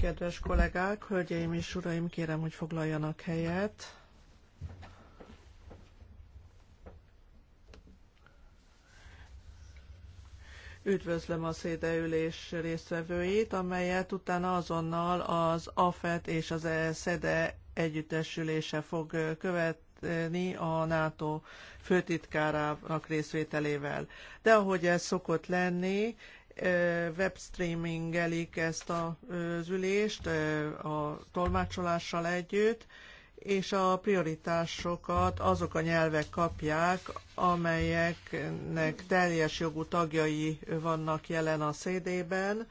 Kedves kollégák, hölgyeim és uraim, kérem, hogy foglaljanak helyet. Üdvözlöm a szédeülés résztvevőit, amelyet utána azonnal az AFET és az SZEDE e e együttesülése fog követni segíteni a NATO főtitkárának részvételével. De ahogy ez szokott lenni, webstreamingelik ezt az ülést a tolmácsolással együtt, és a prioritásokat azok a nyelvek kapják, amelyeknek teljes jogú tagjai vannak jelen a CD-ben,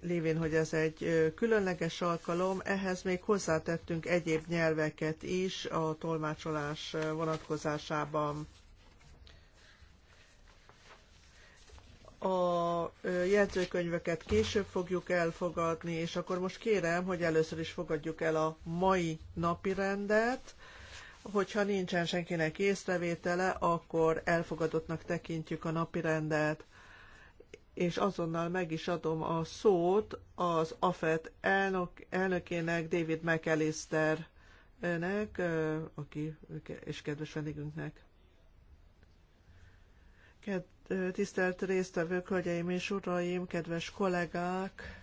lévén, hogy ez egy különleges alkalom, ehhez még hozzátettünk egyéb nyelveket is a tolmácsolás vonatkozásában. a jegyzőkönyveket később fogjuk elfogadni, és akkor most kérem, hogy először is fogadjuk el a mai napi rendet. Hogyha nincsen senkinek észrevétele, akkor elfogadottnak tekintjük a napi rendet és azonnal meg is adom a szót az AFET elnök, elnökének, David McAllisternek, aki, és kedves vendégünknek. Ked, tisztelt résztvevők, hölgyeim és uraim, kedves kollégák!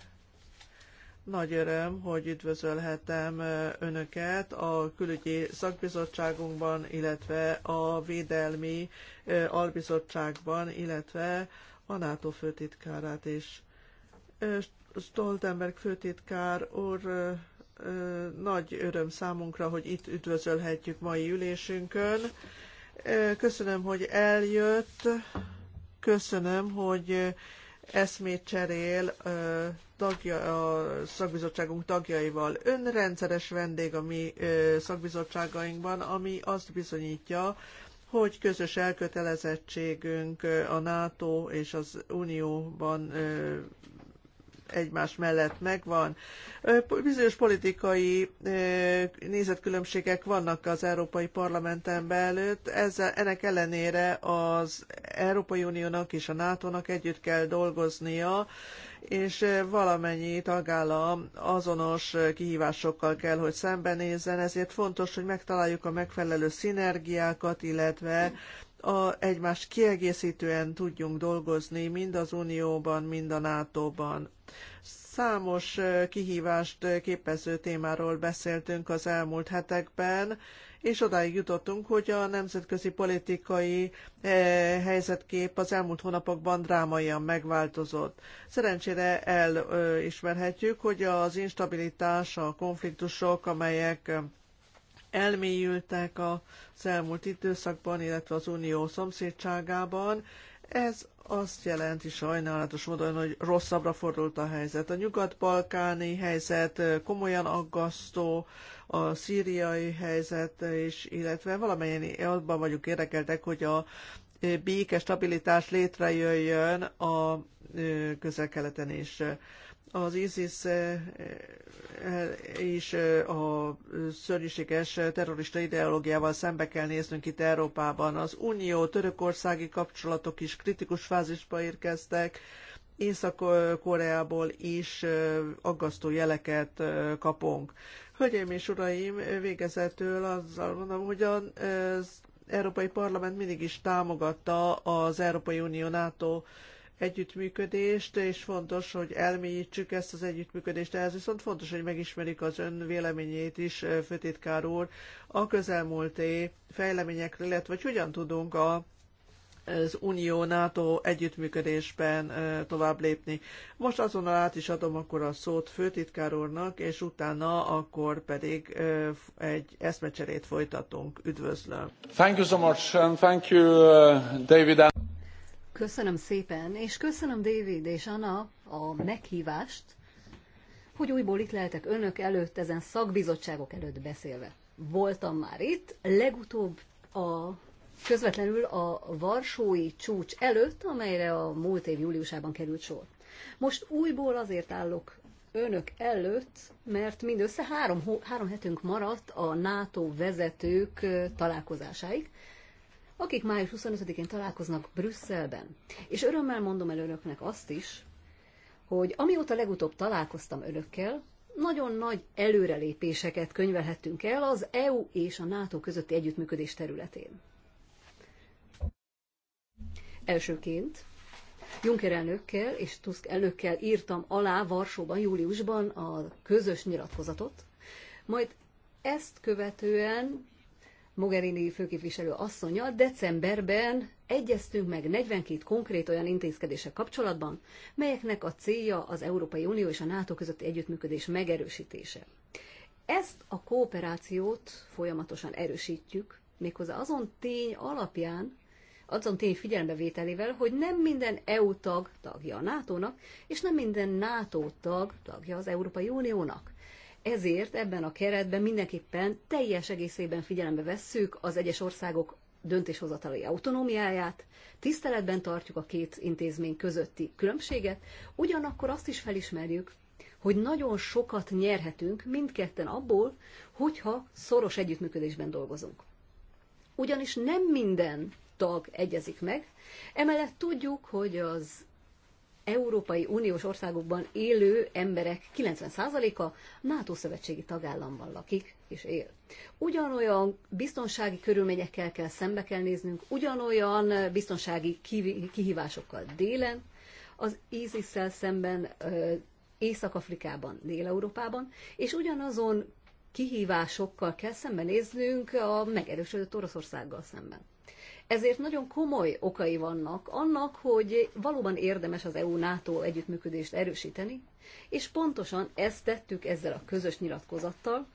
Nagy öröm, hogy üdvözölhetem Önöket a külügyi szakbizottságunkban, illetve a védelmi albizottságban, illetve a NATO főtitkárát is. Stoltenberg főtitkár úr nagy öröm számunkra, hogy itt üdvözölhetjük mai ülésünkön. Köszönöm, hogy eljött, köszönöm, hogy eszmét cserél tagja, a szakbizottságunk tagjaival. Ön rendszeres vendég a mi szakbizottságainkban, ami azt bizonyítja, hogy közös elkötelezettségünk a NATO és az Unióban egymás mellett megvan. Bizonyos politikai nézetkülönbségek vannak az Európai Parlamenten belőtt, ezzel, ennek ellenére az Európai Uniónak és a NATO-nak együtt kell dolgoznia, és valamennyi tagállam azonos kihívásokkal kell, hogy szembenézzen, ezért fontos, hogy megtaláljuk a megfelelő szinergiákat, illetve a, egymást kiegészítően tudjunk dolgozni mind az Unióban, mind a NATO-ban. Számos kihívást képező témáról beszéltünk az elmúlt hetekben, és odáig jutottunk, hogy a nemzetközi politikai eh, helyzetkép az elmúlt hónapokban drámaian megváltozott. Szerencsére elismerhetjük, hogy az instabilitás, a konfliktusok, amelyek eh, elmélyültek az elmúlt időszakban, illetve az unió szomszédságában, ez azt jelenti sajnálatos módon, hogy rosszabbra fordult a helyzet. A nyugat-balkáni helyzet komolyan aggasztó, a szíriai helyzet is, illetve valamennyien abban vagyunk érdekeltek, hogy a béke, stabilitás létrejöjjön a közel-keleten is az ISIS eh, eh, és eh, a szörnyűséges terrorista ideológiával szembe kell néznünk itt Európában. Az unió-törökországi kapcsolatok is kritikus fázisba érkeztek, Észak-Koreából is aggasztó jeleket kapunk. Hölgyeim és uraim, végezetül azzal mondom, hogy az Európai Parlament mindig is támogatta az Európai Unió NATO együttműködést, és fontos, hogy elmélyítsük ezt az együttműködést. ez viszont fontos, hogy megismerik az ön véleményét is, főtitkár úr, a közelmúlté fejleményekről, illetve hogy hogyan tudunk a az Unió-NATO együttműködésben tovább lépni. Most azonnal át is adom akkor a szót főtitkár úrnak, és utána akkor pedig egy eszmecserét folytatunk. Üdvözlöm! Thank you so much, and thank you, uh, David. Köszönöm szépen, és köszönöm David és Anna a meghívást, hogy újból itt lehetek önök előtt, ezen szakbizottságok előtt beszélve. Voltam már itt, legutóbb a közvetlenül a Varsói csúcs előtt, amelyre a múlt év júliusában került sor. Most újból azért állok önök előtt, mert mindössze három, három hetünk maradt a NATO vezetők találkozásáig, akik május 25-én találkoznak Brüsszelben. És örömmel mondom el önöknek azt is, hogy amióta legutóbb találkoztam önökkel, nagyon nagy előrelépéseket könyvelhettünk el az EU és a NATO közötti együttműködés területén. Elsőként Juncker elnökkel és Tusk elnökkel írtam alá Varsóban, júliusban a közös nyilatkozatot, majd ezt követően Mogherini főképviselő asszonya, decemberben egyeztünk meg 42 konkrét olyan intézkedése kapcsolatban, melyeknek a célja az Európai Unió és a NATO közötti együttműködés megerősítése. Ezt a kooperációt folyamatosan erősítjük, méghozzá azon tény alapján, azon tény figyelmevételével, hogy nem minden EU tag tagja a NATO-nak, és nem minden NATO tag tagja az Európai Uniónak ezért ebben a keretben mindenképpen teljes egészében figyelembe vesszük az egyes országok döntéshozatali autonómiáját, tiszteletben tartjuk a két intézmény közötti különbséget, ugyanakkor azt is felismerjük, hogy nagyon sokat nyerhetünk mindketten abból, hogyha szoros együttműködésben dolgozunk. Ugyanis nem minden tag egyezik meg, emellett tudjuk, hogy az Európai Uniós országokban élő emberek 90%-a NATO szövetségi tagállamban lakik és él. Ugyanolyan biztonsági körülményekkel kell szembe kell néznünk, ugyanolyan biztonsági kihívásokkal délen, az ISIS-szel szemben Észak-Afrikában, Dél-Európában, és ugyanazon kihívásokkal kell szembenéznünk a megerősödött Oroszországgal szemben. Ezért nagyon komoly okai vannak annak, hogy valóban érdemes az EU-NATO együttműködést erősíteni, és pontosan ezt tettük ezzel a közös nyilatkozattal,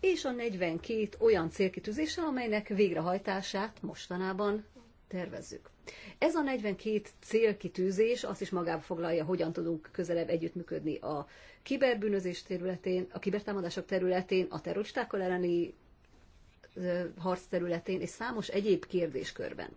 és a 42 olyan célkitűzéssel, amelynek végrehajtását mostanában tervezzük. Ez a 42 célkitűzés azt is magába foglalja, hogyan tudunk közelebb együttműködni a kiberbűnözés területén, a kibertámadások területén, a terroristákkal elleni harc területén és számos egyéb kérdéskörben.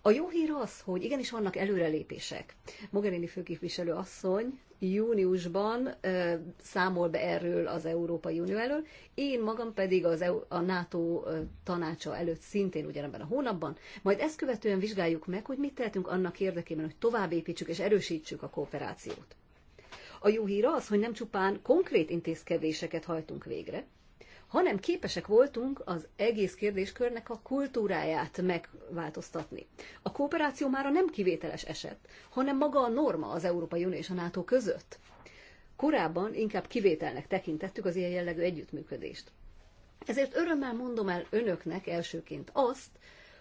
A jó hír az, hogy igenis vannak előrelépések. Mogherini főképviselő asszony júniusban ö, számol be erről az Európai Unió elől, én magam pedig az EU, a NATO tanácsa előtt szintén ugyanebben a hónapban, majd ezt követően vizsgáljuk meg, hogy mit tehetünk annak érdekében, hogy tovább építsük és erősítsük a kooperációt. A jó hír az, hogy nem csupán konkrét intézkedéseket hajtunk végre, hanem képesek voltunk az egész kérdéskörnek a kultúráját megváltoztatni. A kooperáció már nem kivételes eset, hanem maga a norma az Európai Unió és a NATO között. Korábban inkább kivételnek tekintettük az ilyen jellegű együttműködést. Ezért örömmel mondom el önöknek elsőként azt,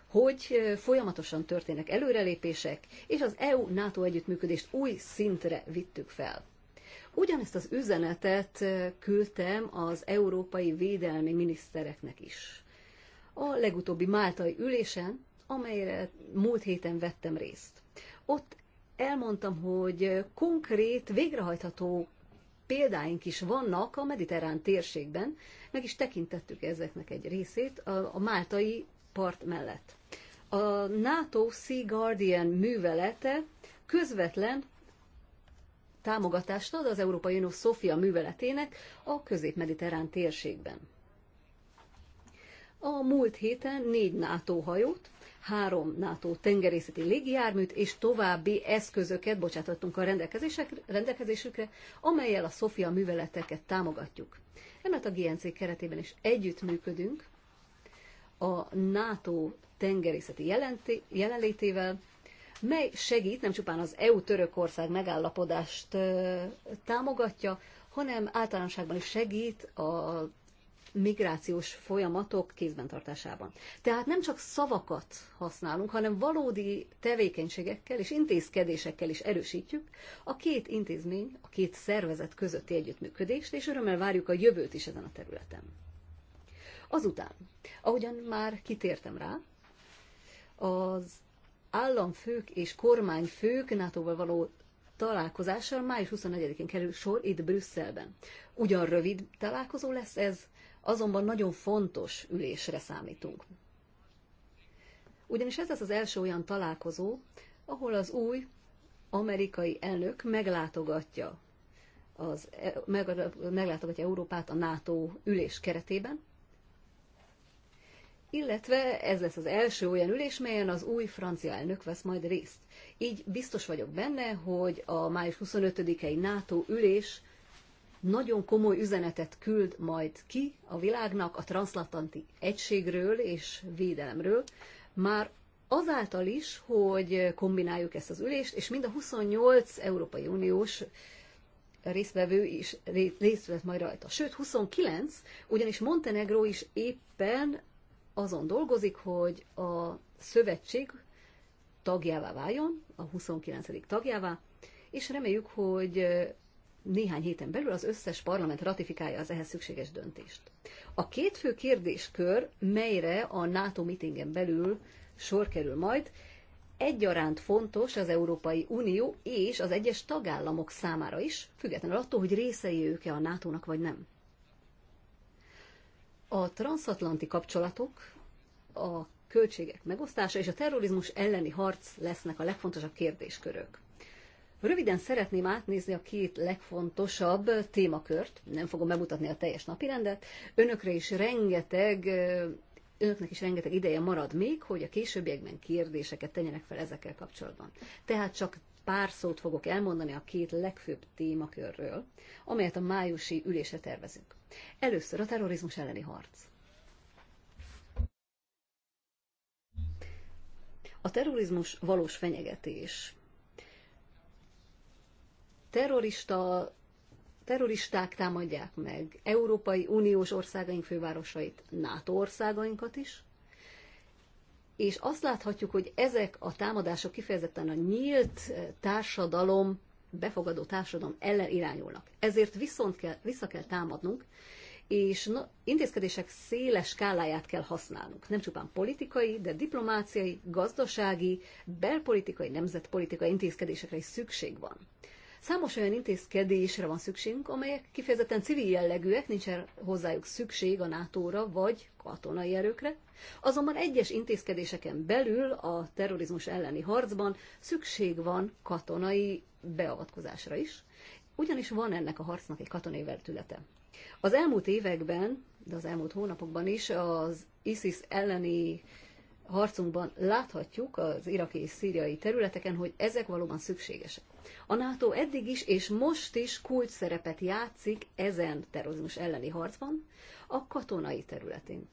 hogy folyamatosan történnek előrelépések, és az EU-NATO együttműködést új szintre vittük fel. Ugyanezt az üzenetet küldtem az európai védelmi minisztereknek is. A legutóbbi máltai ülésen, amelyre múlt héten vettem részt. Ott elmondtam, hogy konkrét, végrehajtható példáink is vannak a mediterrán térségben, meg is tekintettük ezeknek egy részét a, a máltai part mellett. A NATO Sea Guardian művelete közvetlen támogatást ad az Európai Unió Szofia műveletének a közép-mediterrán térségben. A múlt héten négy NATO hajót, három NATO tengerészeti légijárműt és további eszközöket bocsátottunk a rendelkezésükre, amelyel a Szofia műveleteket támogatjuk. Emellett a GNC keretében is együttműködünk a NATO tengerészeti jelenlétével, mely segít, nem csupán az EU-Törökország megállapodást támogatja, hanem általánosságban is segít a migrációs folyamatok kézben tartásában. Tehát nem csak szavakat használunk, hanem valódi tevékenységekkel és intézkedésekkel is erősítjük a két intézmény, a két szervezet közötti együttműködést, és örömmel várjuk a jövőt is ezen a területen. Azután, ahogyan már kitértem rá, az államfők és kormányfők NATO-val való találkozással május 24-én kerül sor itt Brüsszelben. Ugyan rövid találkozó lesz ez, azonban nagyon fontos ülésre számítunk. Ugyanis ez lesz az első olyan találkozó, ahol az új amerikai elnök meglátogatja, az, e- meglátogatja Európát a NATO ülés keretében, illetve ez lesz az első olyan ülés, melyen az új francia elnök vesz majd részt. Így biztos vagyok benne, hogy a május 25-i NATO ülés nagyon komoly üzenetet küld majd ki a világnak a transatlanti egységről és védelemről, már azáltal is, hogy kombináljuk ezt az ülést, és mind a 28 Európai Uniós résztvevő is részt vett majd rajta. Sőt, 29, ugyanis Montenegro is éppen azon dolgozik, hogy a szövetség tagjává váljon, a 29. tagjává, és reméljük, hogy néhány héten belül az összes parlament ratifikálja az ehhez szükséges döntést. A két fő kérdéskör, melyre a NATO mitingen belül sor kerül majd, egyaránt fontos az Európai Unió és az egyes tagállamok számára is, függetlenül attól, hogy részei ők-e a NATO-nak vagy nem. A transatlanti kapcsolatok, a költségek megosztása és a terrorizmus elleni harc lesznek a legfontosabb kérdéskörök. Röviden szeretném átnézni a két legfontosabb témakört, nem fogom bemutatni a teljes napirendet, önökre is rengeteg önöknek is rengeteg ideje marad még, hogy a későbbiekben kérdéseket tegyenek fel ezekkel kapcsolatban. Tehát csak pár szót fogok elmondani a két legfőbb témakörről, amelyet a májusi ülésre tervezünk. Először a terrorizmus elleni harc. A terrorizmus valós fenyegetés. Terrorista, terroristák támadják meg Európai Uniós országaink fővárosait, NATO országainkat is, és azt láthatjuk, hogy ezek a támadások kifejezetten a nyílt eh, társadalom, befogadó társadalom ellen irányulnak. Ezért viszont kell, vissza kell támadnunk, és na, intézkedések széles skáláját kell használnunk. Nem csupán politikai, de diplomáciai, gazdasági, belpolitikai, nemzetpolitikai intézkedésekre is szükség van. Számos olyan intézkedésre van szükségünk, amelyek kifejezetten civil jellegűek, nincsen hozzájuk szükség a NATO-ra vagy katonai erőkre, azonban egyes intézkedéseken belül a terrorizmus elleni harcban szükség van katonai beavatkozásra is, ugyanis van ennek a harcnak egy katonai vertülete. Az elmúlt években, de az elmúlt hónapokban is az ISIS elleni harcunkban láthatjuk az iraki és szíriai területeken, hogy ezek valóban szükségesek. A NATO eddig is és most is kulcs szerepet játszik ezen terrorizmus elleni harcban a katonai területén.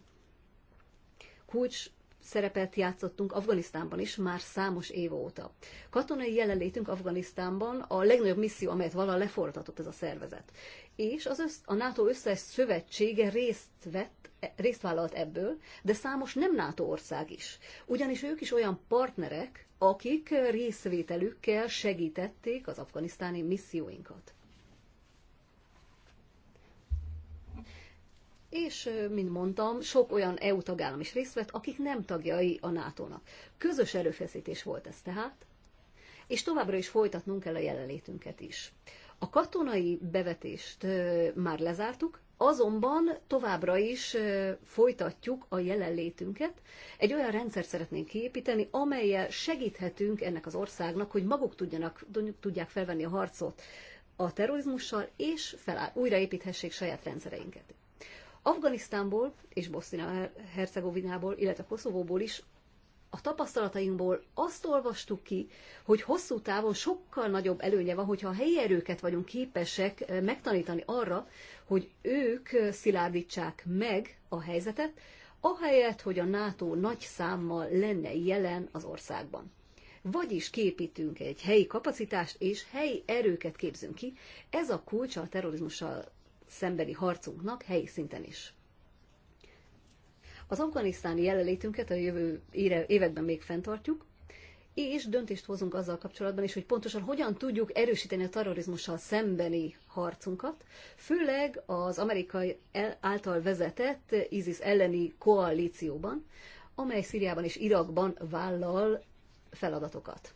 Kulcs szerepet játszottunk Afganisztánban is már számos év óta. Katonai jelenlétünk Afganisztánban a legnagyobb misszió, amelyet vala lefordatott ez a szervezet. És az össz, a NATO összes szövetsége részt vett, e, részt vállalt ebből, de számos nem NATO ország is. Ugyanis ők is olyan partnerek, akik részvételükkel segítették az afganisztáni misszióinkat. és, mint mondtam, sok olyan EU tagállam is részt vett, akik nem tagjai a NATO-nak. Közös erőfeszítés volt ez tehát, és továbbra is folytatnunk kell a jelenlétünket is. A katonai bevetést már lezártuk, azonban továbbra is folytatjuk a jelenlétünket. Egy olyan rendszert szeretnénk kiépíteni, amelyel segíthetünk ennek az országnak, hogy maguk tudjanak, tudják felvenni a harcot a terrorizmussal, és felá- újraépíthessék saját rendszereinket. Afganisztánból és Bosznia-Hercegovinából, illetve Koszovóból is a tapasztalatainkból azt olvastuk ki, hogy hosszú távon sokkal nagyobb előnye van, hogyha a helyi erőket vagyunk képesek eh, megtanítani arra, hogy ők eh, szilárdítsák meg a helyzetet, ahelyett, hogy a NATO nagy számmal lenne jelen az országban. Vagyis képítünk egy helyi kapacitást, és helyi erőket képzünk ki. Ez a kulcsa a terrorizmussal szembeni harcunknak helyi szinten is. Az afganisztáni jelenlétünket a jövő években még fenntartjuk, és döntést hozunk azzal kapcsolatban is, hogy pontosan hogyan tudjuk erősíteni a terrorizmussal szembeni harcunkat, főleg az amerikai által vezetett ISIS elleni koalícióban, amely Szíriában és Irakban vállal feladatokat.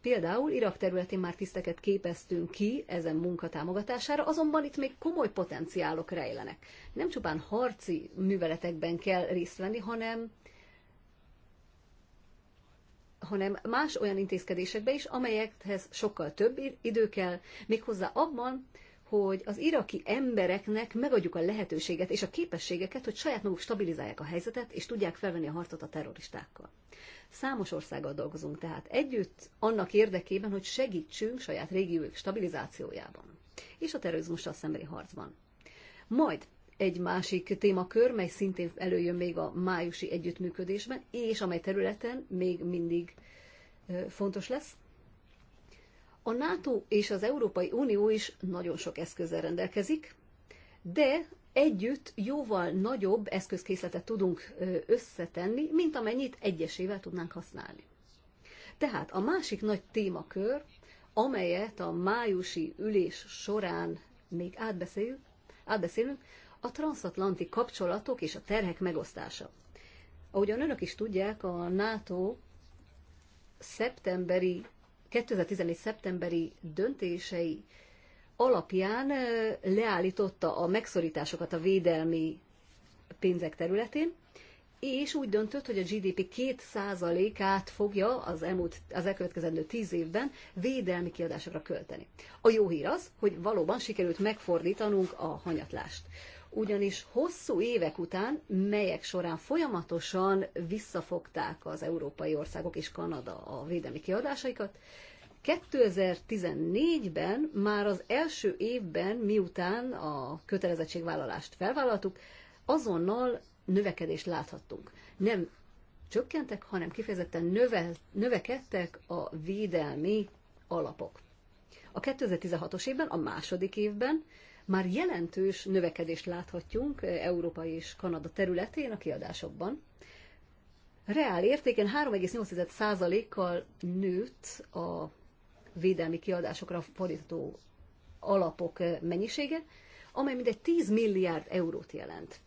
Például Irak területén már tiszteket képeztünk ki ezen munka támogatására, azonban itt még komoly potenciálok rejlenek. Nem csupán harci műveletekben kell részt venni, hanem hanem más olyan intézkedésekbe is, amelyekhez sokkal több idő kell, méghozzá abban, hogy az iraki embereknek megadjuk a lehetőséget és a képességeket, hogy saját maguk stabilizálják a helyzetet, és tudják felvenni a harcot a terroristákkal. Számos országgal dolgozunk tehát együtt, annak érdekében, hogy segítsünk saját régiójuk stabilizációjában és a terrorizmussal szembeni harcban. Majd egy másik témakör, mely szintén előjön még a májusi együttműködésben, és amely területen még mindig fontos lesz. A NATO és az Európai Unió is nagyon sok eszközzel rendelkezik, de együtt jóval nagyobb eszközkészletet tudunk összetenni, mint amennyit egyesével tudnánk használni. Tehát a másik nagy témakör, amelyet a májusi ülés során még átbeszél, átbeszélünk, a transatlanti kapcsolatok és a terhek megosztása. Ahogyan önök is tudják, a NATO szeptemberi, 2014. szeptemberi döntései alapján leállította a megszorításokat a védelmi pénzek területén, és úgy döntött, hogy a GDP 2%-át fogja az, elmúlt, az elkövetkezendő 10 évben védelmi kiadásokra költeni. A jó hír az, hogy valóban sikerült megfordítanunk a hanyatlást. Ugyanis hosszú évek után, melyek során folyamatosan visszafogták az európai országok és Kanada a védelmi kiadásaikat, 2014-ben már az első évben, miután a kötelezettségvállalást felvállaltuk, azonnal növekedést láthattunk. Nem csökkentek, hanem kifejezetten növe, növekedtek a védelmi alapok. A 2016-os évben, a második évben már jelentős növekedést láthatjunk Európa és Kanada területén a kiadásokban. Reál értéken 3,8%-kal nőtt a védelmi kiadásokra fordítható alapok eh, mennyisége, amely mindegy 10 milliárd eurót jelent.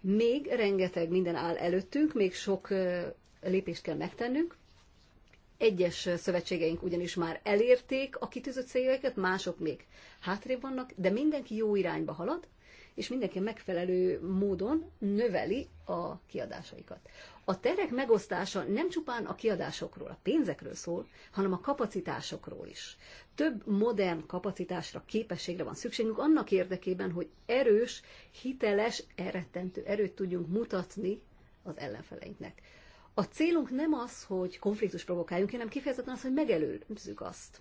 Még rengeteg minden áll előttünk, még sok eh, lépést kell megtennünk. Egyes eh, szövetségeink ugyanis már elérték a kitűzött céljaikat, mások még hátrébb vannak, de mindenki jó irányba halad, és mindenki megfelelő módon növeli a kiadásaikat. A terek megosztása nem csupán a kiadásokról, a pénzekről szól, hanem a kapacitásokról is. Több modern kapacitásra, képességre van szükségünk annak érdekében, hogy erős, hiteles, elrettentő erőt tudjunk mutatni az ellenfeleinknek. A célunk nem az, hogy konfliktus provokáljunk, hanem kifejezetten az, hogy megelőzzük azt.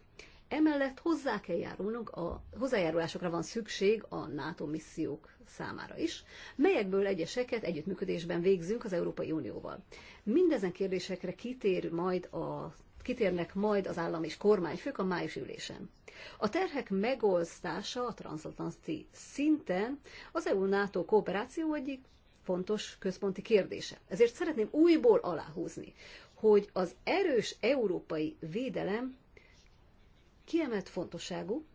Emellett hozzá kell járulnunk, a hozzájárulásokra van szükség a NATO missziók számára is, melyekből egyeseket együttműködésben végzünk az Európai Unióval. Mindezen kérdésekre kitér majd a kitérnek majd az állam és kormányfők a május ülésen. A terhek megosztása a transatlanti szinten az EU-NATO kooperáció egyik fontos központi kérdése. Ezért szeretném újból aláhúzni, hogy az erős európai védelem kiemelt fontosságú,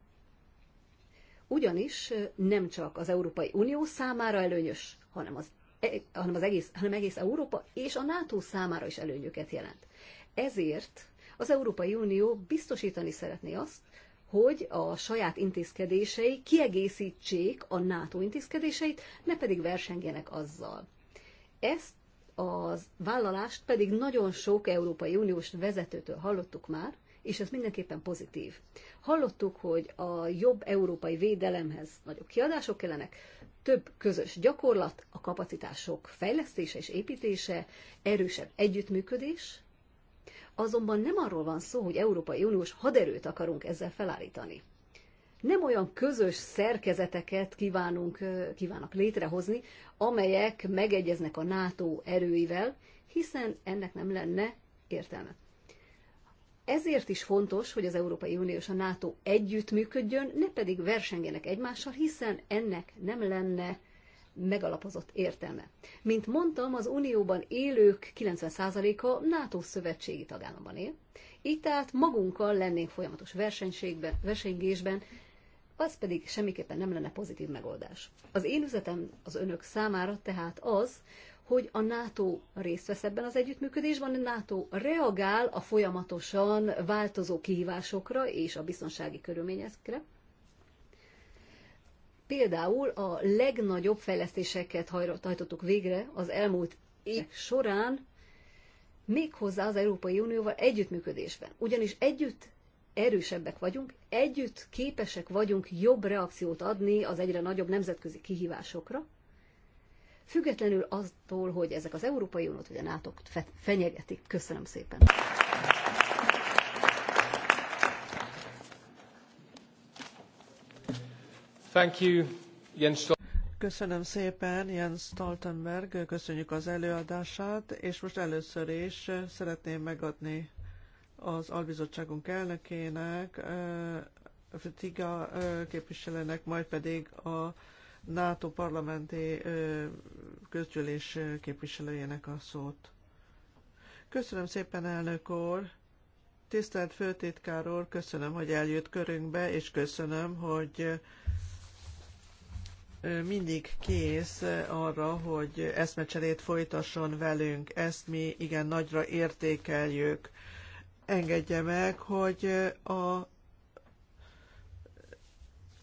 ugyanis nem csak az Európai Unió számára előnyös, hanem az, e, hanem az egész, hanem egész Európa és a NATO számára is előnyöket jelent. Ezért az Európai Unió biztosítani szeretné azt, hogy a saját intézkedései kiegészítsék a NATO intézkedéseit, ne pedig versengjenek azzal. Ezt az vállalást pedig nagyon sok Európai Uniós vezetőtől hallottuk már, és ez mindenképpen pozitív. Hallottuk, hogy a jobb európai védelemhez nagyobb kiadások kellenek, több közös gyakorlat, a kapacitások fejlesztése és építése, erősebb együttműködés, azonban nem arról van szó, hogy Európai Uniós haderőt akarunk ezzel felállítani. Nem olyan közös szerkezeteket kívánunk, kívánnak létrehozni, amelyek megegyeznek a NATO erőivel, hiszen ennek nem lenne értelme. Ezért is fontos, hogy az Európai Unió és a NATO együttműködjön, ne pedig versengjenek egymással, hiszen ennek nem lenne megalapozott értelme. Mint mondtam, az Unióban élők 90%-a NATO szövetségi tagállamban él, így tehát magunkkal lennénk folyamatos versenységben, versengésben, az pedig semmiképpen nem lenne pozitív megoldás. Az én üzetem az önök számára tehát az, hogy a NATO részt vesz ebben az együttműködésben, a NATO reagál a folyamatosan változó kihívásokra és a biztonsági körülményekre. Például a legnagyobb fejlesztéseket hajtottuk végre az elmúlt évek során, méghozzá az Európai Unióval együttműködésben. Ugyanis együtt erősebbek vagyunk, együtt képesek vagyunk jobb reakciót adni az egyre nagyobb nemzetközi kihívásokra, függetlenül attól, hogy ezek az Európai Uniót vagy a nato fenyegetik. Köszönöm szépen! Thank you, Jens Köszönöm szépen Jens Stoltenberg, köszönjük az előadását, és most először is szeretném megadni az albizottságunk elnökének, eh, Fritiga eh, képviselőnek, majd pedig a NATO parlamenti közgyűlés képviselőjének a szót. Köszönöm szépen, elnök úr! Tisztelt főtitkár úr, köszönöm, hogy eljött körünkbe, és köszönöm, hogy mindig kész arra, hogy eszmecserét folytasson velünk. Ezt mi igen nagyra értékeljük. Engedje meg, hogy a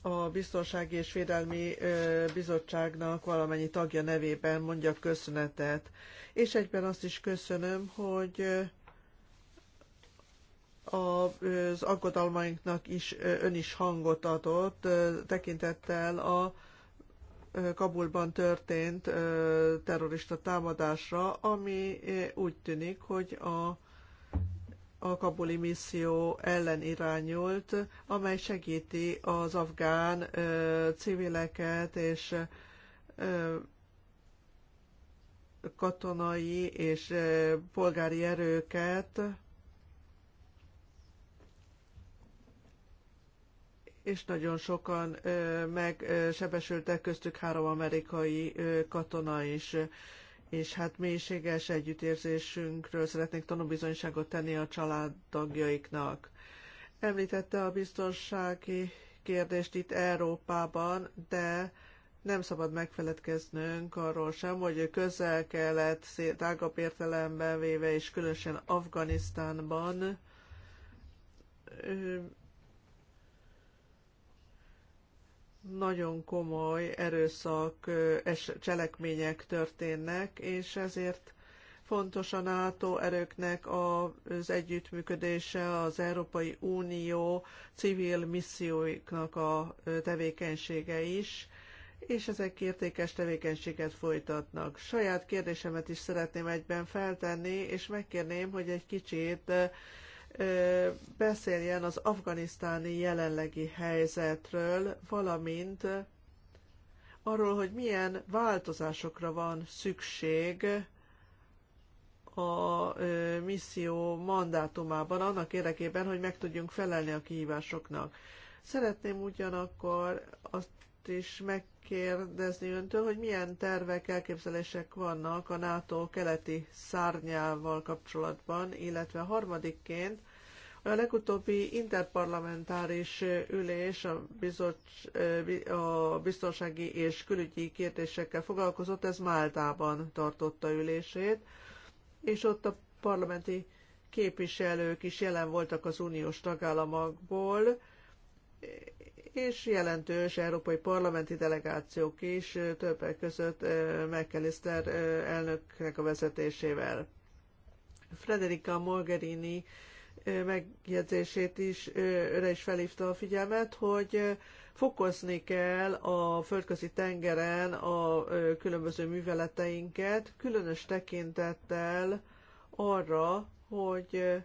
a Biztonsági és Védelmi Bizottságnak valamennyi tagja nevében mondjak köszönetet. És egyben azt is köszönöm, hogy az aggodalmainknak is ön is hangot adott, tekintettel a Kabulban történt terrorista támadásra, ami úgy tűnik, hogy a a kabuli misszió ellen irányult, amely segíti az afgán ö, civileket és ö, katonai és ö, polgári erőket, és nagyon sokan megsebesültek, köztük három amerikai ö, katona is és hát mélységes együttérzésünkről szeretnék tanúbizonyságot tenni a családtagjaiknak. Említette a biztonsági kérdést itt Európában, de nem szabad megfeledkeznünk arról sem, hogy közel-kelet, tágabb értelemben véve, és különösen Afganisztánban nagyon komoly erőszak cselekmények történnek, és ezért fontos a NATO erőknek az együttműködése, az Európai Unió civil misszióiknak a tevékenysége is, és ezek értékes tevékenységet folytatnak. Saját kérdésemet is szeretném egyben feltenni, és megkérném, hogy egy kicsit beszéljen az afganisztáni jelenlegi helyzetről, valamint arról, hogy milyen változásokra van szükség a misszió mandátumában, annak érdekében, hogy meg tudjunk felelni a kihívásoknak. Szeretném ugyanakkor azt is meg kérdezni öntől, hogy milyen tervek, elképzelések vannak a NATO keleti szárnyával kapcsolatban, illetve harmadikként a legutóbbi interparlamentáris ülés a, bizots, a biztonsági és külügyi kérdésekkel foglalkozott, ez Máltában tartotta ülését, és ott a parlamenti képviselők is jelen voltak az uniós tagállamokból, és jelentős európai parlamenti delegációk is, többek között McAllister elnöknek a vezetésével. Frederica Mogherini megjegyzését is, őre is felhívta a figyelmet, hogy fokozni kell a földközi tengeren a különböző műveleteinket, különös tekintettel arra, hogy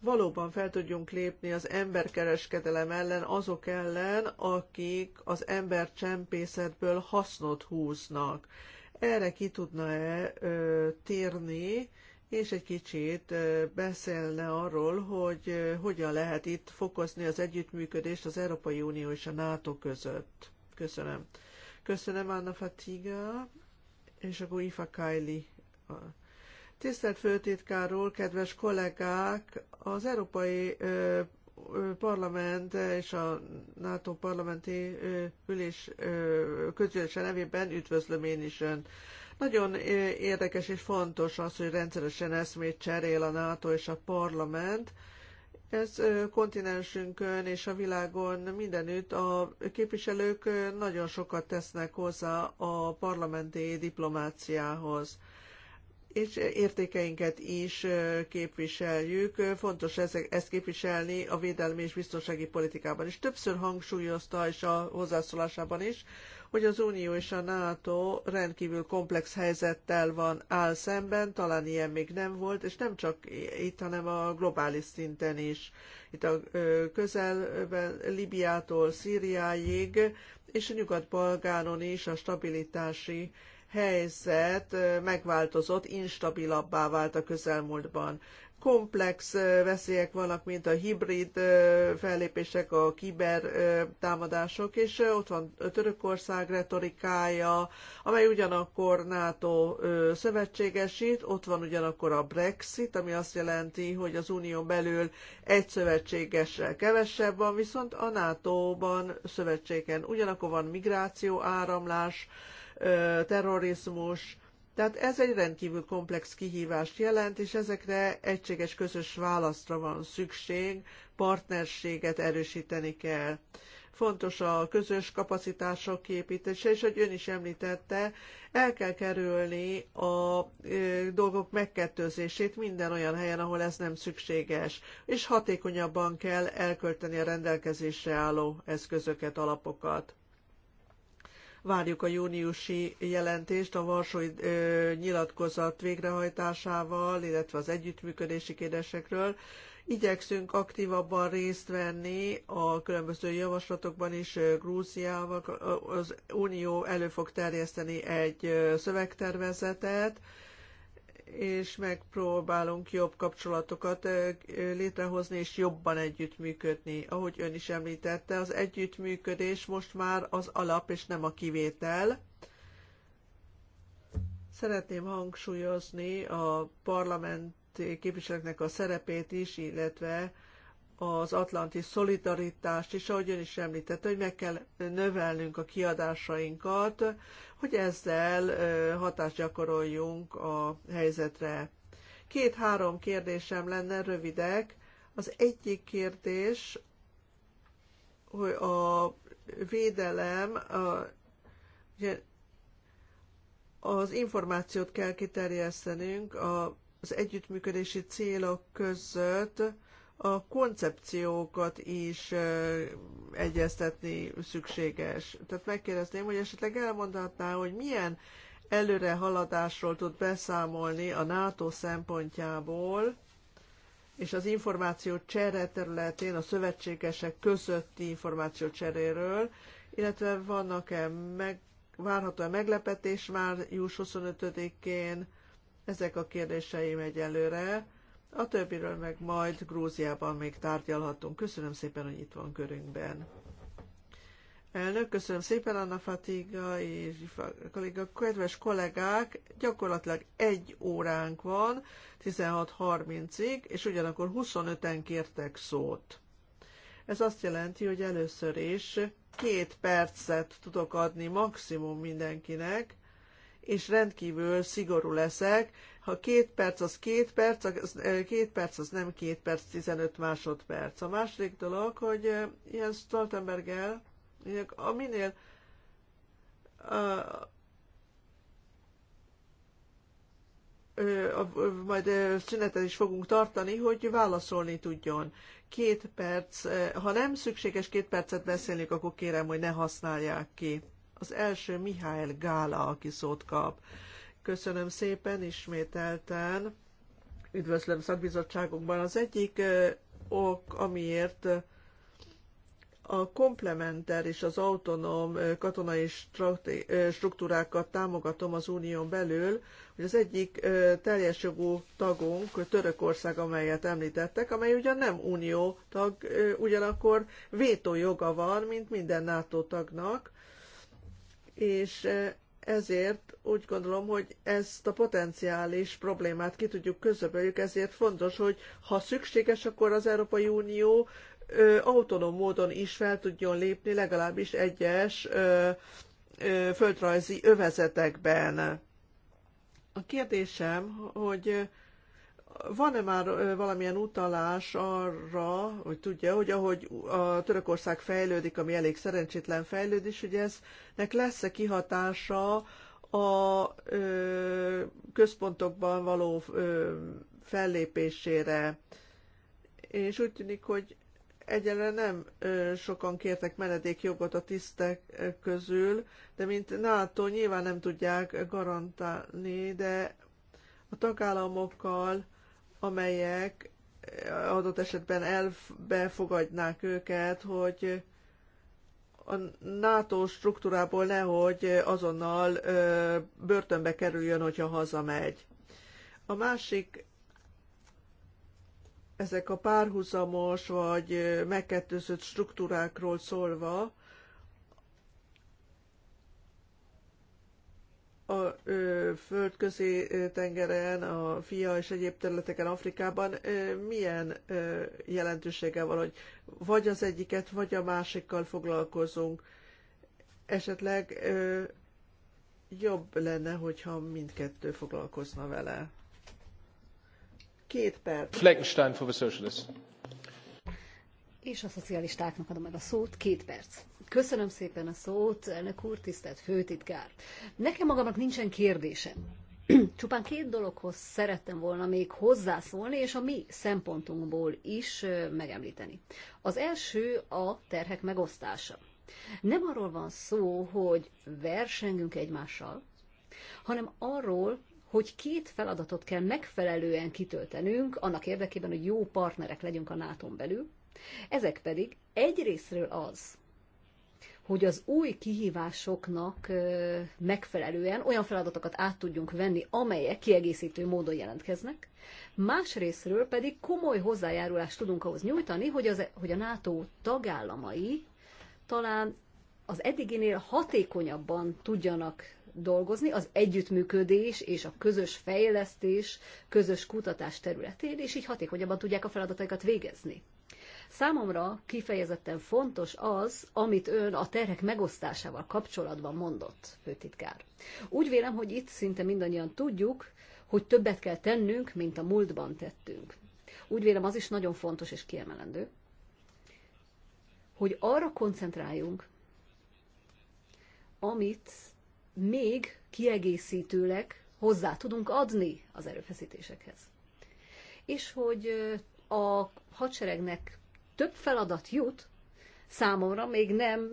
valóban fel tudjunk lépni az emberkereskedelem ellen, azok ellen, akik az embercsempészetből hasznot húznak. Erre ki tudna-e térni, és egy kicsit beszélne arról, hogy hogyan lehet itt fokozni az együttműködést az Európai Unió és a NATO között. Köszönöm. Köszönöm, Anna Fatiga, és akkor Ifa Kylie. Tisztelt Főtitkár kedves kollégák, az Európai Parlament és a NATO parlamenti ülés közgyűlése nevében üdvözlöm én is ön. Nagyon érdekes és fontos az, hogy rendszeresen eszmét cserél a NATO és a parlament, ez kontinensünkön és a világon mindenütt a képviselők nagyon sokat tesznek hozzá a parlamenti diplomáciához és értékeinket is képviseljük. Fontos ezt képviselni a védelmi és biztonsági politikában is. Többször hangsúlyozta, és a hozzászólásában is, hogy az Unió és a NATO rendkívül komplex helyzettel van áll szemben, talán ilyen még nem volt, és nem csak itt, hanem a globális szinten is. Itt a közelben Libiától Szíriáig, és a nyugat-balgánon is a stabilitási helyzet megváltozott, instabilabbá vált a közelmúltban. Komplex veszélyek vannak, mint a hibrid fellépések, a kiber támadások, és ott van Törökország retorikája, amely ugyanakkor NATO szövetségesít, ott van ugyanakkor a Brexit, ami azt jelenti, hogy az unió belül egy szövetségessel kevesebb van, viszont a NATO-ban szövetségen ugyanakkor van migráció áramlás, terrorizmus. Tehát ez egy rendkívül komplex kihívást jelent, és ezekre egységes közös választra van szükség, partnerséget erősíteni kell. Fontos a közös kapacitások képítése, és hogy ön is említette, el kell kerülni a dolgok megkettőzését minden olyan helyen, ahol ez nem szükséges, és hatékonyabban kell elkölteni a rendelkezésre álló eszközöket, alapokat. Várjuk a júniusi jelentést a Varsói nyilatkozat végrehajtásával, illetve az együttműködési kérdésekről. Igyekszünk aktívabban részt venni a különböző javaslatokban is Grúziával. Az Unió elő fog terjeszteni egy szövegtervezetet, és megpróbálunk jobb kapcsolatokat létrehozni és jobban együttműködni. Ahogy ön is említette, az együttműködés most már az alap és nem a kivétel. Szeretném hangsúlyozni a parlament képviselőknek a szerepét is, illetve az atlanti szolidaritást is, ahogy ön is említette, hogy meg kell növelnünk a kiadásainkat, hogy ezzel hatást gyakoroljunk a helyzetre. Két-három kérdésem lenne, rövidek. Az egyik kérdés, hogy a védelem, a, ugye, az információt kell kiterjesztenünk az együttműködési célok között, a koncepciókat is egyeztetni szükséges. Tehát megkérdezném, hogy esetleg elmondhatná, hogy milyen előre haladásról tud beszámolni a NATO szempontjából, és az információ csere területén a szövetségesek közötti információ cseréről, illetve vannak-e meg, várható-e meglepetés március 25-én? Ezek a kérdéseim egyelőre a többiről meg majd Grúziában még tárgyalhatunk. Köszönöm szépen, hogy itt van körünkben. Elnök, köszönöm szépen, Anna Fatiga és kolléga, kedves kollégák, gyakorlatilag egy óránk van, 16.30-ig, és ugyanakkor 25-en kértek szót. Ez azt jelenti, hogy először is két percet tudok adni maximum mindenkinek, és rendkívül szigorú leszek, ha két perc, az két perc, az, két perc, az nem két perc, 15 másodperc. A második dolog, hogy ilyen Stoltenberg-el, Stoltenberg-el, aminél a, majd szünetet is fogunk tartani, hogy válaszolni tudjon. Két perc, ha nem szükséges két percet beszélni, akkor kérem, hogy ne használják ki. Az első Mihály Gála, aki szót kap. Köszönöm szépen ismételten. Üdvözlöm szakbizottságunkban. Az egyik ok, amiért a komplementer és az autonóm katonai struktúrákat támogatom az unión belül, hogy az egyik teljes jogú tagunk Törökország, amelyet említettek, amely ugyan nem unió tag, ugyanakkor vétójoga van, mint minden NATO tagnak, és ezért úgy gondolom, hogy ezt a potenciális problémát ki tudjuk közöböljük, ezért fontos, hogy ha szükséges, akkor az Európai Unió ö, autonóm módon is fel tudjon lépni legalábbis egyes ö, ö, földrajzi övezetekben. A kérdésem, hogy van-e már valamilyen utalás arra, hogy tudja, hogy ahogy a Törökország fejlődik, ami elég szerencsétlen fejlődés, hogy eznek lesz-e kihatása a ö, központokban való ö, fellépésére? És úgy tűnik, hogy egyelőre nem ö, sokan kértek menedékjogot a tisztek közül, de mint NATO nyilván nem tudják garantálni, de a tagállamokkal amelyek eh, adott esetben elbefogadnák őket, hogy a NATO struktúrából nehogy azonnal börtönbe kerüljön, hogyha hazamegy. A másik ezek a párhuzamos vagy megkettőzött struktúrákról szólva, a ö, földközi tengeren, a FIA és egyéb területeken Afrikában ö, milyen ö, jelentősége van, hogy vagy az egyiket, vagy a másikkal foglalkozunk. Esetleg ö, jobb lenne, hogyha mindkettő foglalkozna vele. Két perc. Fleckenstein for the Socialists és a szocialistáknak adom meg a szót, két perc. Köszönöm szépen a szót, elnök úr, tisztelt főtitkár. Nekem magamnak nincsen kérdésem. Csupán két dologhoz szerettem volna még hozzászólni, és a mi szempontunkból is megemlíteni. Az első a terhek megosztása. Nem arról van szó, hogy versengünk egymással, hanem arról, hogy két feladatot kell megfelelően kitöltenünk, annak érdekében, hogy jó partnerek legyünk a nato belül, ezek pedig egyrésztről az, hogy az új kihívásoknak megfelelően olyan feladatokat át tudjunk venni, amelyek kiegészítő módon jelentkeznek, másrésztről pedig komoly hozzájárulást tudunk ahhoz nyújtani, hogy, az, e, hogy a NATO tagállamai talán az eddiginél hatékonyabban tudjanak dolgozni az együttműködés és a közös fejlesztés, közös kutatás területén, és így hatékonyabban tudják a feladataikat végezni. Számomra kifejezetten fontos az, amit ön a terhek megosztásával kapcsolatban mondott, főtitkár. Úgy vélem, hogy itt szinte mindannyian tudjuk, hogy többet kell tennünk, mint a múltban tettünk. Úgy vélem, az is nagyon fontos és kiemelendő, hogy arra koncentráljunk, amit még kiegészítőleg hozzá tudunk adni az erőfeszítésekhez. És hogy a hadseregnek több feladat jut, számomra még nem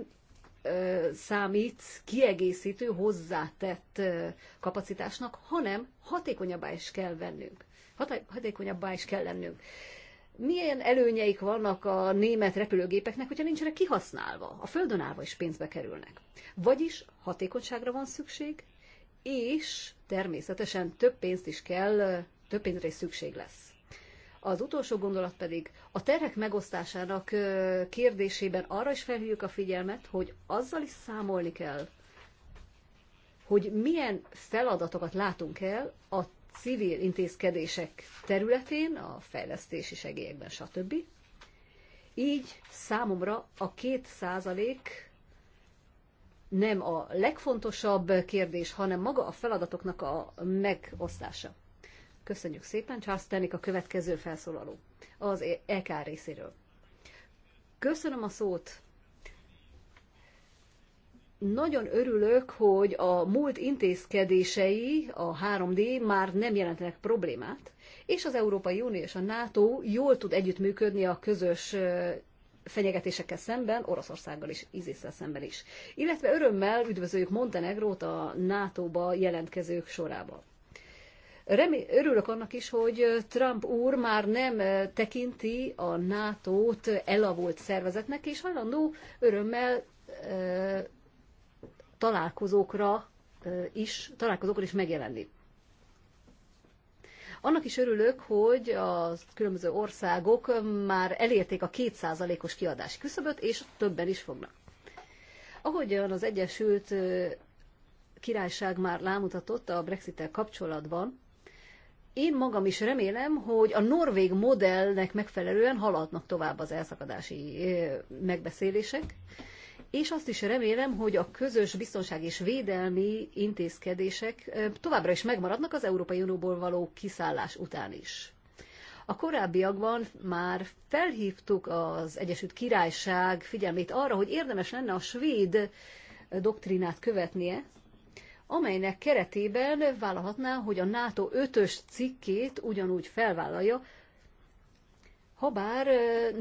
ö, számít kiegészítő, hozzátett ö, kapacitásnak, hanem hatékonyabbá is kell vennünk. Hat, hatékonyabbá is kell lennünk. Milyen előnyeik vannak a német repülőgépeknek, hogyha nincsenek kihasználva, a földön állva is pénzbe kerülnek. Vagyis hatékonyságra van szükség, és természetesen több pénzt is kell, több pénzre is szükség lesz. Az utolsó gondolat pedig a terhek megosztásának kérdésében arra is felhívjuk a figyelmet, hogy azzal is számolni kell, hogy milyen feladatokat látunk el a civil intézkedések területén, a fejlesztési segélyekben, stb. Így számomra a két százalék nem a legfontosabb kérdés, hanem maga a feladatoknak a megosztása. Köszönjük szépen, Charles Tenik a következő felszólaló az EK részéről. Köszönöm a szót! Nagyon örülök, hogy a múlt intézkedései, a 3D már nem jelentenek problémát, és az Európai Unió és a NATO jól tud együttműködni a közös fenyegetésekkel szemben, Oroszországgal is, isis szemben is. Illetve örömmel üdvözöljük Montenegrót a NATO-ba jelentkezők sorában. Remé- örülök annak is, hogy Trump úr már nem tekinti a NATO-t elavult szervezetnek, és hajlandó örömmel e, találkozókra e, is, találkozókra is megjelenni. Annak is örülök, hogy a különböző országok már elérték a kétszázalékos kiadási küszöböt, és többen is fognak. Ahogyan az Egyesült Királyság már lámutatott a Brexit-tel kapcsolatban, én magam is remélem, hogy a norvég modellnek megfelelően haladnak tovább az elszakadási megbeszélések, és azt is remélem, hogy a közös biztonság és védelmi intézkedések továbbra is megmaradnak az Európai Unióból való kiszállás után is. A korábbiakban már felhívtuk az Egyesült Királyság figyelmét arra, hogy érdemes lenne a svéd doktrinát követnie, amelynek keretében vállalhatná, hogy a NATO ötös cikkét ugyanúgy felvállalja, habár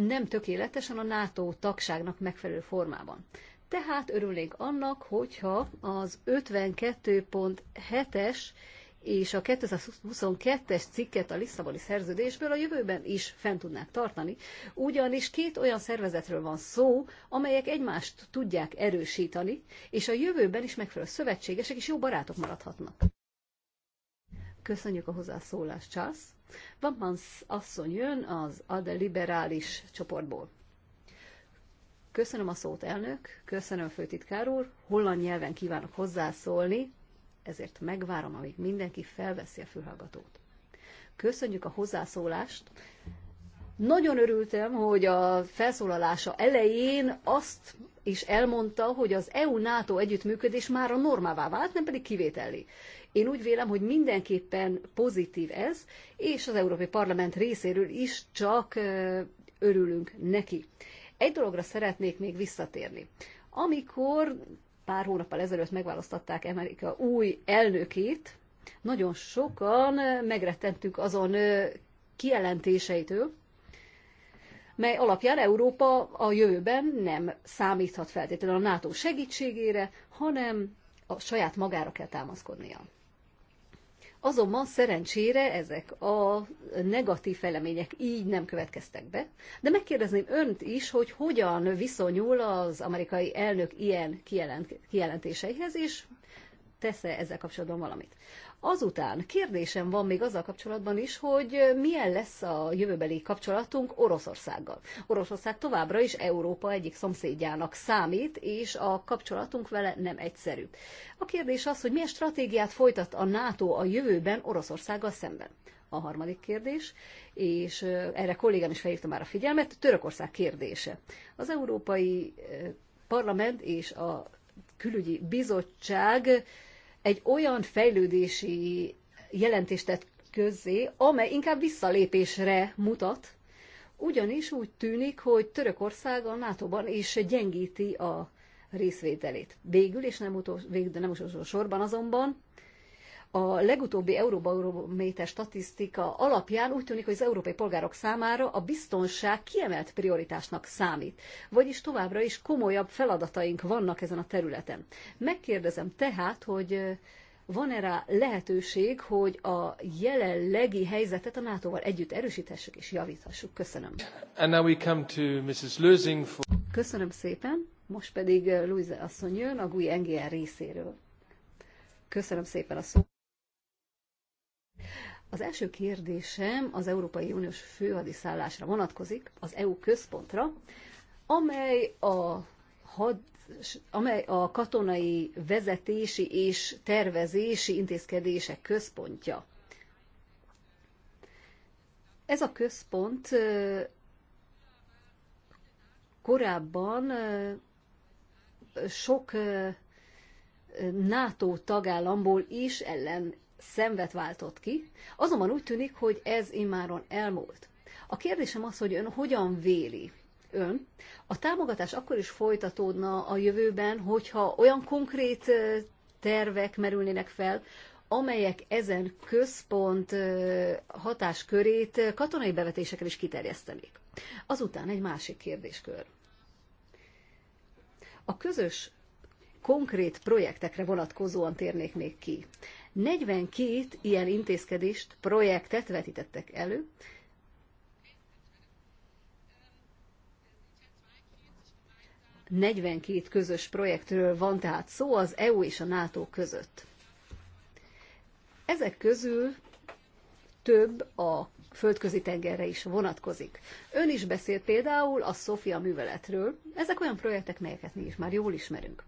nem tökéletesen a NATO tagságnak megfelelő formában. Tehát örülnék annak, hogyha az 52.7-es és a 2022 es cikket a Lisszaboni szerződésből a jövőben is fent tudnák tartani, ugyanis két olyan szervezetről van szó, amelyek egymást tudják erősíteni, és a jövőben is megfelelő szövetségesek és jó barátok maradhatnak. Köszönjük a hozzászólást, Charles. Van asszony jön az ADE liberális csoportból. Köszönöm a szót, elnök, köszönöm főtitkár úr, holland nyelven kívánok hozzászólni, ezért megvárom, amíg mindenki felveszi a fülhallgatót. Köszönjük a hozzászólást! Nagyon örültem, hogy a felszólalása elején azt is elmondta, hogy az EU-NATO együttműködés már a normává vált, nem pedig kivételi. Én úgy vélem, hogy mindenképpen pozitív ez, és az Európai Parlament részéről is csak örülünk neki. Egy dologra szeretnék még visszatérni. Amikor pár hónappal ezelőtt megválasztották Amerika új elnökét, nagyon sokan eh, megrettentünk azon eh, kijelentéseitől, mely alapján Európa a jövőben nem számíthat feltétlenül a NATO segítségére, hanem a saját magára kell támaszkodnia. Azonban szerencsére ezek a negatív felemények így nem következtek be, de megkérdezném önt is, hogy hogyan viszonyul az amerikai elnök ilyen kijelentéseihez, és tesz-e ezzel kapcsolatban valamit. Azután kérdésem van még azzal kapcsolatban is, hogy milyen lesz a jövőbeli kapcsolatunk Oroszországgal. Oroszország továbbra is Európa egyik szomszédjának számít, és a kapcsolatunk vele nem egyszerű. A kérdés az, hogy milyen stratégiát folytat a NATO a jövőben Oroszországgal szemben a harmadik kérdés, és erre kollégám is felhívta már a figyelmet, Törökország kérdése. Az Európai Parlament és a Külügyi Bizottság egy olyan fejlődési jelentést tett közzé, amely inkább visszalépésre mutat, ugyanis úgy tűnik, hogy Törökország a NATO-ban is gyengíti a részvételét. Végül, és nem, utolsó, végül, de nem utolsó sorban azonban, a legutóbbi Euróbarométer statisztika alapján úgy tűnik, hogy az európai polgárok számára a biztonság kiemelt prioritásnak számít, vagyis továbbra is komolyabb feladataink vannak ezen a területen. Megkérdezem tehát, hogy van-e rá lehetőség, hogy a jelenlegi helyzetet a NATO-val együtt erősíthessük és javíthassuk? Köszönöm. And now we come to Mrs. for... Köszönöm szépen. Most pedig Louise asszony jön a GUI NGR részéről. Köszönöm szépen a szót. Az első kérdésem az Európai Uniós főhadiszállásra vonatkozik, az EU központra, amely a had, amely a katonai vezetési és tervezési intézkedések központja. Ez a központ korábban sok NATO tagállamból is ellen szenvet váltott ki, azonban úgy tűnik, hogy ez immáron elmúlt. A kérdésem az, hogy ön hogyan véli ön, a támogatás akkor is folytatódna a jövőben, hogyha olyan konkrét tervek merülnének fel, amelyek ezen központ hatáskörét katonai bevetésekre is kiterjesztenék. Azután egy másik kérdéskör. A közös konkrét projektekre vonatkozóan térnék még ki. 42 ilyen intézkedést, projektet vetítettek elő, Negyvenkét közös projektről van tehát szó az EU és a NATO között. Ezek közül több a földközi tengerre is vonatkozik. Ön is beszélt például a Sofia műveletről. Ezek olyan projektek, melyeket mi is már jól ismerünk.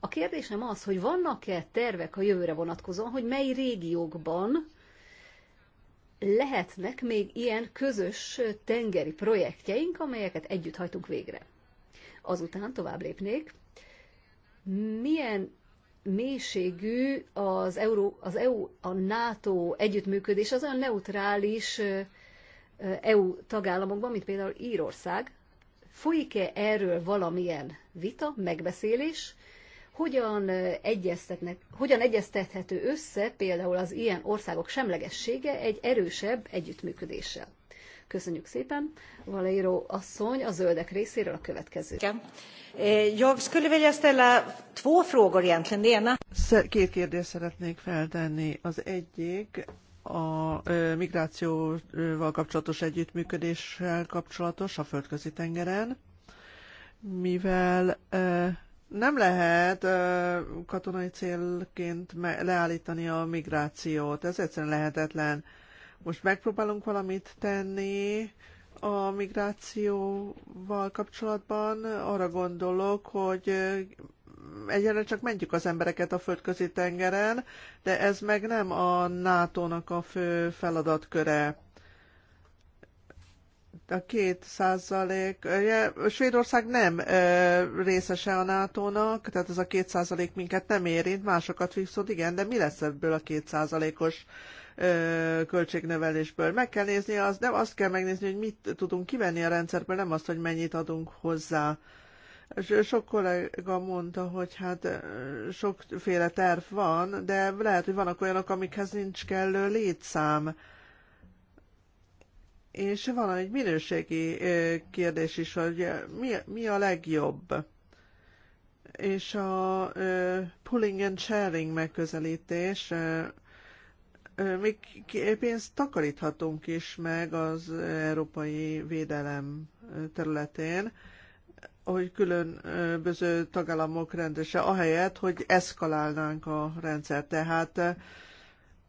A kérdésem az, hogy vannak-e tervek a jövőre vonatkozóan, hogy mely régiókban lehetnek még ilyen közös tengeri projektjeink, amelyeket együtt hajtunk végre. Azután tovább lépnék, milyen mélységű az, Euró, az EU, a NATO együttműködés az olyan neutrális EU tagállamokban, mint például Írország. Folyik-e erről valamilyen vita, megbeszélés, hogyan, egyeztetnek, hogyan egyeztethető össze például az ilyen országok semlegessége egy erősebb együttműködéssel. Köszönjük szépen. Valéro asszony a zöldek részéről a következő. Jag skulle vilja ställa två frågor egentligen. Det ena... Két kérdést szeretnék feltenni. Az egyik a migrációval kapcsolatos együttműködéssel kapcsolatos a földközi tengeren, mivel nem lehet katonai célként leállítani a migrációt. Ez egyszerűen lehetetlen. Most megpróbálunk valamit tenni a migrációval kapcsolatban. Arra gondolok, hogy egyenre csak mentjük az embereket a földközi tengeren, de ez meg nem a NATO-nak a fő feladatköre a két százalék, Svédország nem részese a NATO-nak, tehát ez a két százalék minket nem érint, másokat viszont igen, de mi lesz ebből a két százalékos költségnövelésből. Meg kell nézni, az, nem azt kell megnézni, hogy mit tudunk kivenni a rendszerből, nem azt, hogy mennyit adunk hozzá. Sok kollega mondta, hogy hát sokféle terv van, de lehet, hogy vannak olyanok, amikhez nincs kellő létszám és van egy minőségi kérdés is, hogy mi, mi a legjobb. És a pulling and sharing megközelítés, mi pénzt takaríthatunk is meg az európai védelem területén, hogy különböző tagállamok rendese, ahelyett, hogy eszkalálnánk a rendszer. Tehát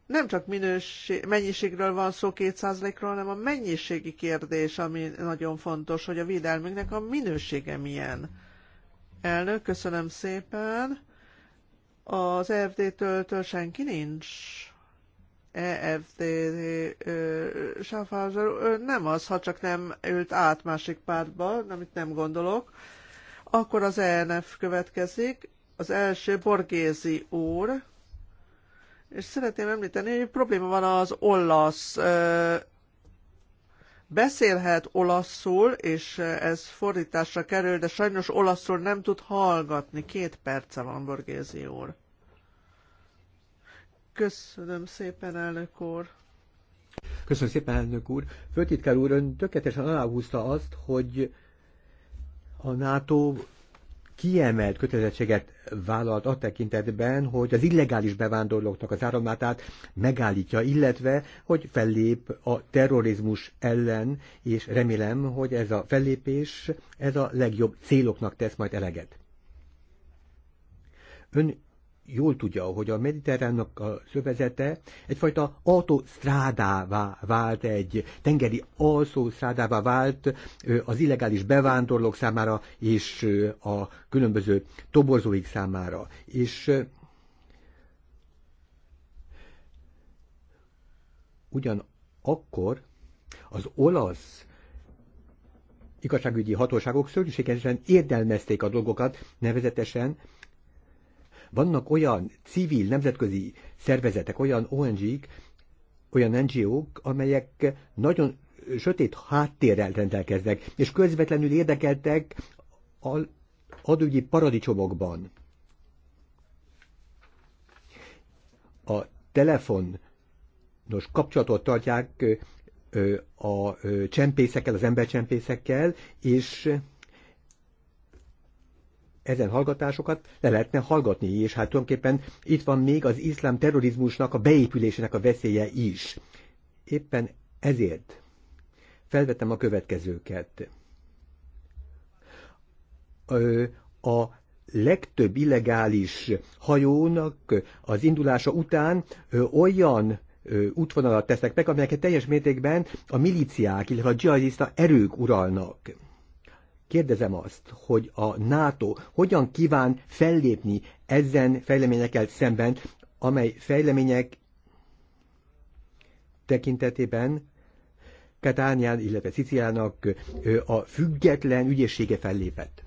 nem csak minőség, mennyiségről van szó 200 ról hanem a mennyiségi kérdés, ami nagyon fontos, hogy a védelmünknek a minősége milyen. Elnök, köszönöm szépen. Az EFD-től senki nincs. EFD Schaffhauser nem az, ha csak nem ült át másik pártba, amit nem gondolok. Akkor az ENF következik. Az első Borgézi úr és szeretném említeni, hogy probléma van az olasz beszélhet olaszul, és ez fordításra kerül, de sajnos olaszul nem tud hallgatni. Két perce van, Borgézi úr. Köszönöm szépen, elnök úr. Köszönöm szépen, elnök úr. Főtitkár úr, ön tökéletesen aláhúzta azt, hogy a NATO kiemelt kötelezettséget vállalt a tekintetben, hogy az illegális bevándorlóknak az áramlátát megállítja, illetve hogy fellép a terrorizmus ellen, és remélem, hogy ez a fellépés, ez a legjobb céloknak tesz majd eleget. Ön jól tudja, hogy a mediterránnak a szövezete egyfajta autostrádává vált, egy tengeri autósztrádává vált az illegális bevándorlók számára és a különböző toborzóik számára. És ugyan akkor az olasz igazságügyi hatóságok szörnyűségesen érdelmezték a dolgokat, nevezetesen vannak olyan civil nemzetközi szervezetek, olyan ONG-k, olyan NGO-k, amelyek nagyon sötét háttérrel rendelkeznek, és közvetlenül érdekeltek az adügyi paradicsomokban. A telefonos kapcsolatot tartják a csempészekkel, az embercsempészekkel, és ezen hallgatásokat le lehetne hallgatni, és hát tulajdonképpen itt van még az iszlám terrorizmusnak a beépülésének a veszélye is. Éppen ezért felvettem a következőket. A legtöbb illegális hajónak az indulása után olyan útvonalat tesznek meg, amelyeket teljes mértékben a miliciák, illetve a dzsihadista erők uralnak Kérdezem azt, hogy a NATO hogyan kíván fellépni ezen fejleményekkel szemben, amely fejlemények tekintetében Katánián, illetve Sziciának a független ügyészsége fellépett.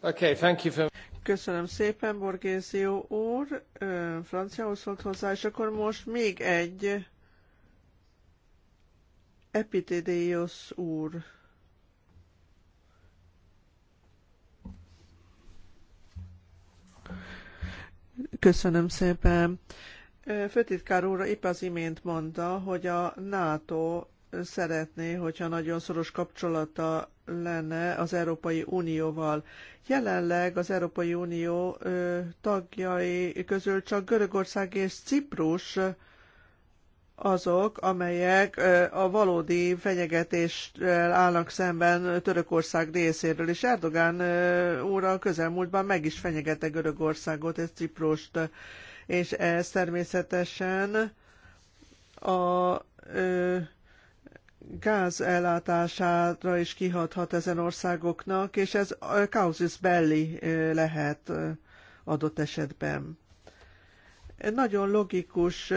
Okay, thank you for... Köszönöm szépen, Borgézió úr. Franciahoz szólt hozzá, és akkor most még egy Epitidios úr. Köszönöm szépen. Főtitkár úr épp az imént mondta, hogy a NATO szeretné, hogyha nagyon szoros kapcsolata lenne az Európai Unióval. Jelenleg az Európai Unió tagjai közül csak Görögország és Ciprus azok, amelyek a valódi fenyegetéssel állnak szemben Törökország részéről, és Erdogán úr a közelmúltban meg is fenyegette Görögországot, ez Ciprost, és ez természetesen a ö, gáz ellátására is kihathat ezen országoknak, és ez causis belli lehet adott esetben. Nagyon logikus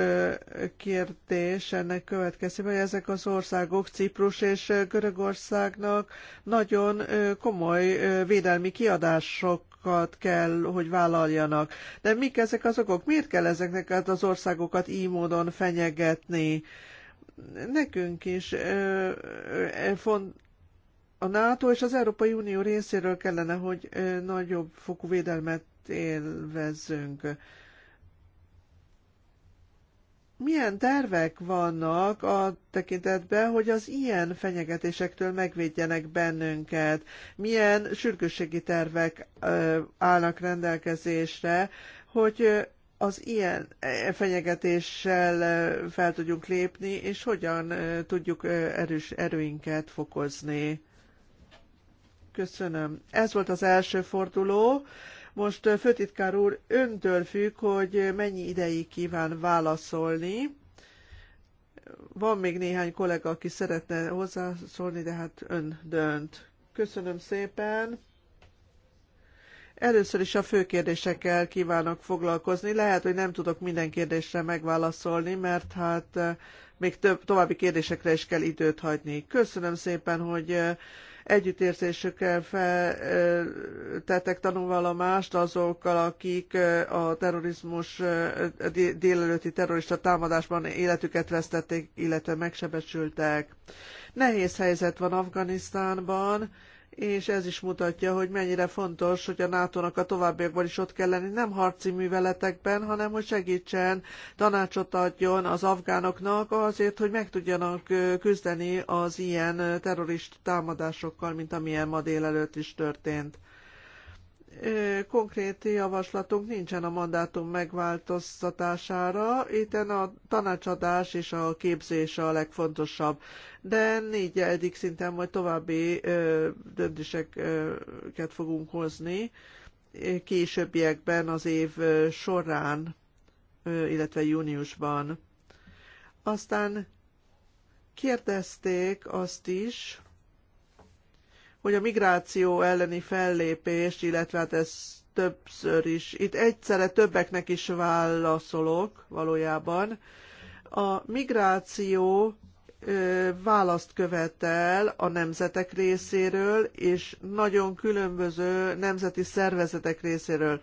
kérdés ennek következik, hogy ezek az országok, Ciprus és Görögországnak nagyon komoly védelmi kiadások kell, hogy vállaljanak. De mik ezek az okok? Miért kell ezeknek az országokat így módon fenyegetni? Nekünk is font, a NATO és az Európai Unió részéről kellene, hogy nagyobb fokú védelmet élvezzünk milyen tervek vannak a tekintetben, hogy az ilyen fenyegetésektől megvédjenek bennünket? Milyen sürgősségi tervek állnak rendelkezésre, hogy az ilyen e, fenyegetéssel fel tudjunk lépni, és hogyan tudjuk erős erőinket fokozni? Köszönöm. Ez volt az első forduló. Most főtitkár úr, öntől függ, hogy mennyi ideig kíván válaszolni. Van még néhány kollega, aki szeretne hozzászólni, de hát ön dönt. Köszönöm szépen. Először is a fő kérdésekkel kívánok foglalkozni. Lehet, hogy nem tudok minden kérdésre megválaszolni, mert hát még több további kérdésekre is kell időt hagyni. Köszönöm szépen, hogy együttérzésükkel fel, tettek tanulvallomást azokkal, akik a terrorizmus délelőtti terrorista támadásban életüket vesztették, illetve megsebesültek. Nehéz helyzet van Afganisztánban, és ez is mutatja, hogy mennyire fontos, hogy a NATO-nak a továbbiakban is ott kell lenni, nem harci műveletekben, hanem hogy segítsen, tanácsot adjon az afgánoknak azért, hogy meg tudjanak küzdeni az ilyen terrorist támadásokkal, mint amilyen ma délelőtt is történt konkrét javaslatunk nincsen a mandátum megváltoztatására. Itt a tanácsadás és a képzés a legfontosabb. De négy szinten majd további döntéseket fogunk hozni későbbiekben az év során, illetve júniusban. Aztán kérdezték azt is, hogy a migráció elleni fellépést, illetve hát ez többször is, itt egyszerre többeknek is válaszolok valójában, a migráció választ követel a nemzetek részéről, és nagyon különböző nemzeti szervezetek részéről.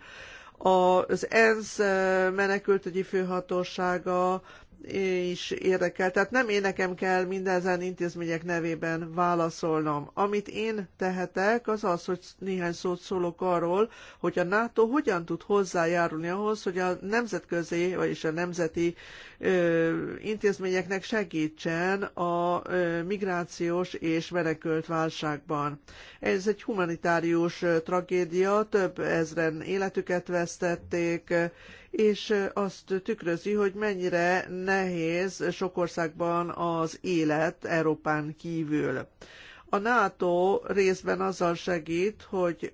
Az ENSZ menekültügyi főhatósága, is érdekel. Tehát nem én nekem kell mindezen intézmények nevében válaszolnom. Amit én tehetek, az az, hogy néhány szót szólok arról, hogy a NATO hogyan tud hozzájárulni ahhoz, hogy a nemzetközi, vagyis a nemzeti intézményeknek segítsen a migrációs és menekült válságban. Ez egy humanitárius tragédia, több ezren életüket vesztették, és azt tükrözi, hogy mennyire nehéz sok országban az élet Európán kívül. A NATO részben azzal segít, hogy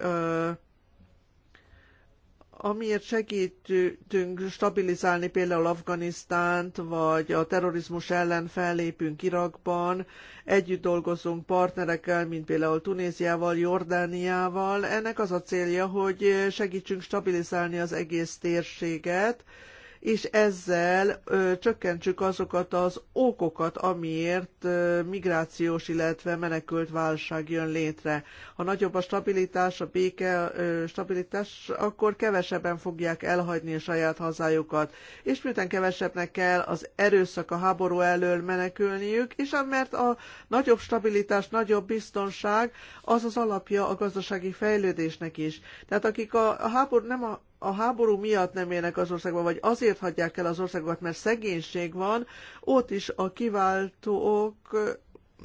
amiért segítünk stabilizálni például Afganisztánt, vagy a terrorizmus ellen fellépünk Irakban, együtt dolgozunk partnerekkel, mint például Tunéziával, Jordániával. Ennek az a célja, hogy segítsünk stabilizálni az egész térséget, és ezzel ö, csökkentsük azokat az okokat, amiért ö, migrációs, illetve menekült válság jön létre. Ha nagyobb a stabilitás, a béke ö, stabilitás, akkor kevesebben fogják elhagyni a saját hazájukat. És miután kevesebbnek kell az erőszak a háború elől menekülniük, és mert a nagyobb stabilitás, nagyobb biztonság az az alapja a gazdasági fejlődésnek is. Tehát akik a, a háború, nem a a háború miatt nem élnek az országban, vagy azért hagyják el az országokat, mert szegénység van, ott is a kiváltók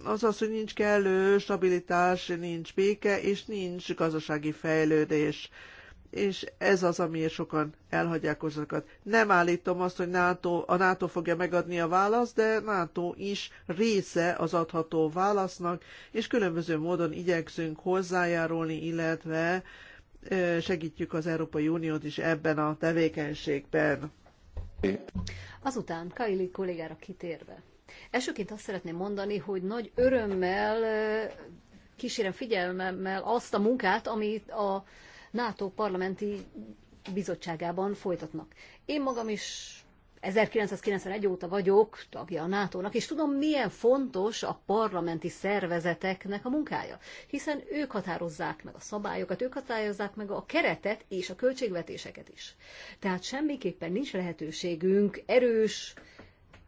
az az, hogy nincs kellő stabilitás, nincs béke, és nincs gazdasági fejlődés. És ez az, amiért sokan elhagyják országokat. Nem állítom azt, hogy NATO, a NATO fogja megadni a választ, de NATO is része az adható válasznak, és különböző módon igyekszünk hozzájárulni, illetve uh, segítjük az Európai Uniót is ebben a tevékenységben. Azután Kaili kollégára kitérve. Elsőként azt szeretném mondani, hogy nagy örömmel kísérem figyelmemmel azt a munkát, amit a NATO parlamenti bizottságában folytatnak. Én magam is 1991 óta vagyok tagja a NATO-nak, és tudom, milyen fontos a parlamenti szervezeteknek a munkája, hiszen ők határozzák meg a szabályokat, ők határozzák meg a keretet és a költségvetéseket is. Tehát semmiképpen nincs lehetőségünk erős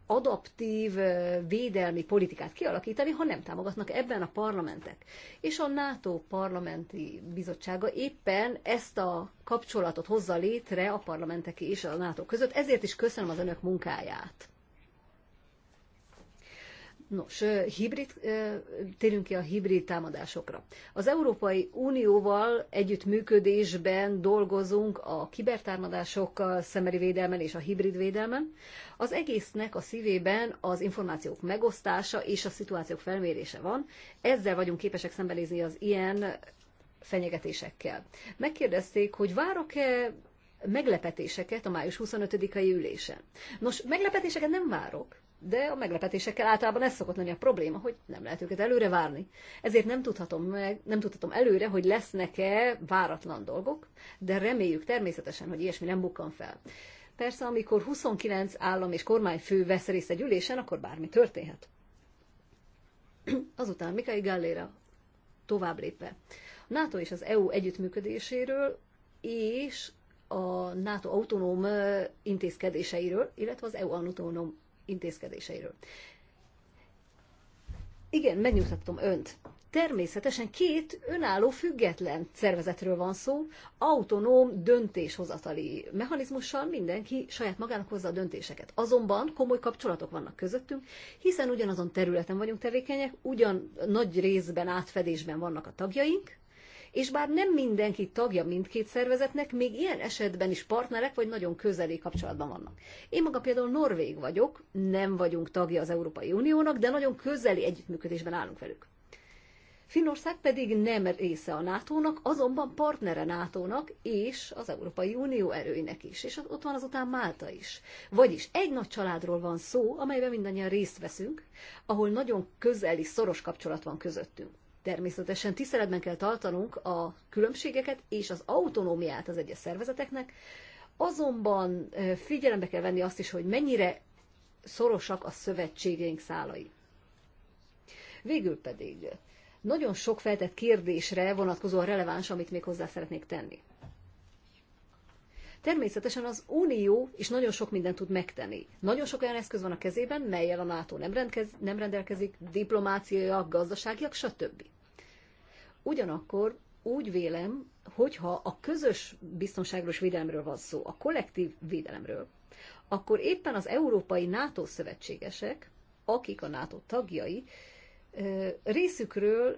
adaptív védelmi politikát kialakítani, ha nem támogatnak ebben a parlamentek. És a NATO parlamenti bizottsága éppen ezt a kapcsolatot hozza létre a parlamentek és a NATO között, ezért is köszönöm az önök munkáját. Nos, hibrid, térünk ki a hibrid támadásokra. Az Európai Unióval együttműködésben dolgozunk a kibertámadásokkal, szemeri védelmen és a hibrid védelmen. Az egésznek a szívében az információk megosztása és a szituációk felmérése van. Ezzel vagyunk képesek szembenézni az ilyen fenyegetésekkel. Megkérdezték, hogy várok-e meglepetéseket a május 25-ai ülésen. Nos, meglepetéseket nem várok, de a meglepetésekkel általában ez szokott lenni a probléma, hogy nem lehet őket előre várni. Ezért nem tudhatom, meg, nem tudhatom előre, hogy lesznek-e váratlan dolgok, de reméljük természetesen, hogy ilyesmi nem bukkan fel. Persze, amikor 29 állam és kormányfő vesz részt egy ülésen, akkor bármi történhet. Azután Mikai Gallera tovább lépve. A NATO és az EU együttműködéséről és a NATO autonóm eh, intézkedéseiről, illetve az EU autonóm intézkedéseiről. Igen, megnyugtattam önt. Természetesen két önálló független szervezetről van szó, autonóm döntéshozatali mechanizmussal mindenki saját magának hozza a döntéseket. Azonban komoly kapcsolatok vannak közöttünk, hiszen ugyanazon területen vagyunk tevékenyek, ugyan nagy részben átfedésben vannak a tagjaink, és bár nem mindenki tagja mindkét szervezetnek, még ilyen esetben is partnerek vagy nagyon közeli kapcsolatban vannak. Én magam például Norvég vagyok, nem vagyunk tagja az Európai Uniónak, de nagyon közeli együttműködésben állunk velük. Finnország pedig nem része a NATO-nak, azonban partnere NATO-nak és az Európai Unió erőinek is, és ott van azután Málta is. Vagyis egy nagy családról van szó, amelyben mindannyian részt veszünk, ahol nagyon közeli, szoros kapcsolat van közöttünk. Természetesen tiszteletben kell tartanunk a különbségeket és az autonómiát az egyes szervezeteknek, azonban figyelembe kell venni azt is, hogy mennyire szorosak a szövetségeink szálai. Végül pedig nagyon sok feltett kérdésre vonatkozóan releváns, amit még hozzá szeretnék tenni. Természetesen az Unió is nagyon sok mindent tud megtenni. Nagyon sok olyan eszköz van a kezében, melyel a NATO nem, rendkez, nem rendelkezik, diplomáciaiak, gazdaságiak, stb. Ugyanakkor úgy vélem, hogyha a közös biztonságos védelemről van szó, a kollektív védelemről, akkor éppen az európai NATO szövetségesek, akik a NATO tagjai, részükről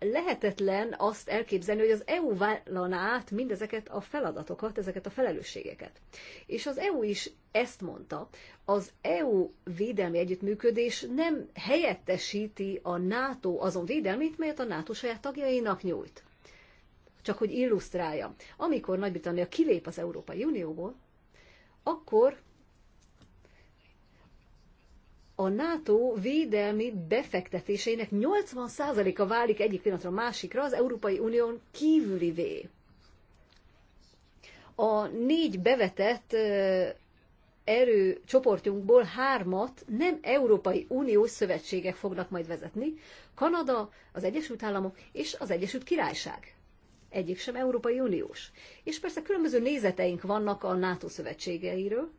lehetetlen azt elképzelni, hogy az EU vállalna át mindezeket a feladatokat, ezeket a felelősségeket. És az EU is ezt mondta, az EU védelmi együttműködés nem helyettesíti a NATO azon védelmét, melyet a NATO saját tagjainak nyújt. Csak hogy illusztrálja. Amikor Nagy-Britannia kilép az Európai Unióból, akkor a NATO védelmi befektetéseinek 80%-a válik egyik pillanatra másikra az Európai Unión kívülivé. A négy bevetett erőcsoportjunkból hármat nem Európai Unió szövetségek fognak majd vezetni, Kanada, az Egyesült Államok és az Egyesült Királyság. Egyik sem Európai Uniós. És persze különböző nézeteink vannak a NATO szövetségeiről,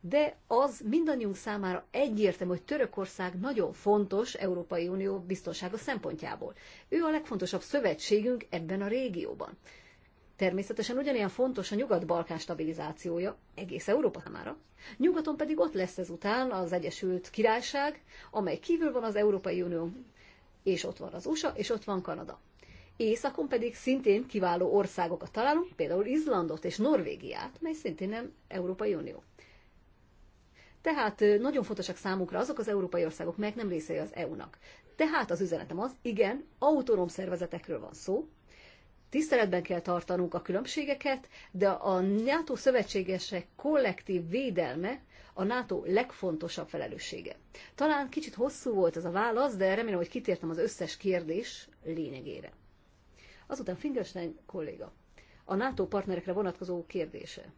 de az mindannyiunk számára egyértelmű, hogy Törökország nagyon fontos Európai Unió biztonsága szempontjából. Ő a legfontosabb szövetségünk ebben a régióban. Természetesen ugyanilyen fontos a Nyugat-Balkán stabilizációja egész Európa számára. Nyugaton pedig ott lesz ezután az Egyesült Királyság, amely kívül van az Európai Unió, és ott van az USA, és ott van Kanada. Északon pedig szintén kiváló országokat találunk, például Izlandot és Norvégiát, mely szintén nem Európai Unió. Tehát nagyon fontosak számukra azok az európai országok, melyek nem részei az EU-nak. Tehát az üzenetem az, igen, autonóm szervezetekről van szó, tiszteletben kell tartanunk a különbségeket, de a NATO szövetségesek kollektív védelme a NATO legfontosabb felelőssége. Talán kicsit hosszú volt ez a válasz, de remélem, hogy kitértem az összes kérdés lényegére. Azután Fingerstein kolléga. A NATO partnerekre vonatkozó kérdése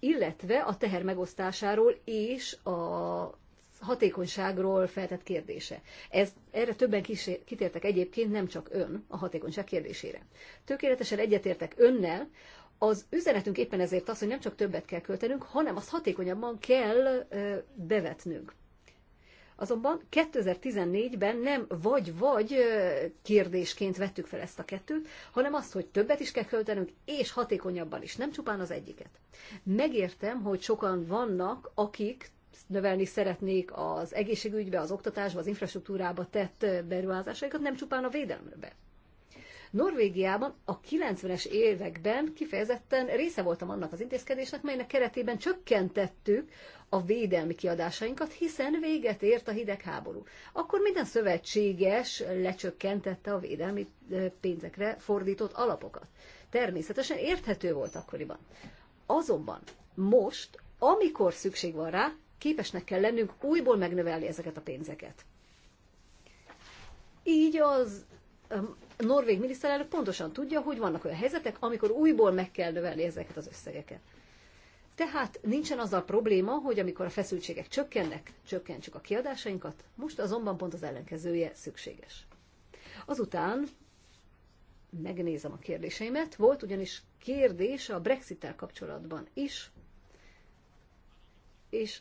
illetve a teher megosztásáról és a hatékonyságról feltett kérdése. Ez, erre többen kitértek egyébként, nem csak ön a hatékonyság kérdésére. Tökéletesen egyetértek önnel, az üzenetünk éppen ezért az, hogy nem csak többet kell költenünk, hanem azt hatékonyabban kell bevetnünk. Azonban 2014-ben nem vagy-vagy kérdésként vettük fel ezt a kettőt, hanem azt, hogy többet is kell költenünk, és hatékonyabban is, nem csupán az egyiket. Megértem, hogy sokan vannak, akik növelni szeretnék az egészségügybe, az oktatásba, az infrastruktúrába tett beruházásaikat, nem csupán a védelmebe. Norvégiában a 90-es években kifejezetten része voltam annak az intézkedésnek, melynek keretében csökkentettük a védelmi kiadásainkat, hiszen véget ért a hidegháború. Akkor minden szövetséges lecsökkentette a védelmi pénzekre fordított alapokat. Természetesen érthető volt akkoriban. Azonban most, amikor szükség van rá, képesnek kell lennünk újból megnövelni ezeket a pénzeket. Így az norvég miniszterelnök pontosan tudja, hogy vannak olyan helyzetek, amikor újból meg kell növelni ezeket az összegeket. Tehát nincsen az a probléma, hogy amikor a feszültségek csökkennek, csökkentsük a kiadásainkat, most azonban pont az ellenkezője szükséges. Azután megnézem a kérdéseimet, volt ugyanis kérdés a Brexit-tel kapcsolatban is, és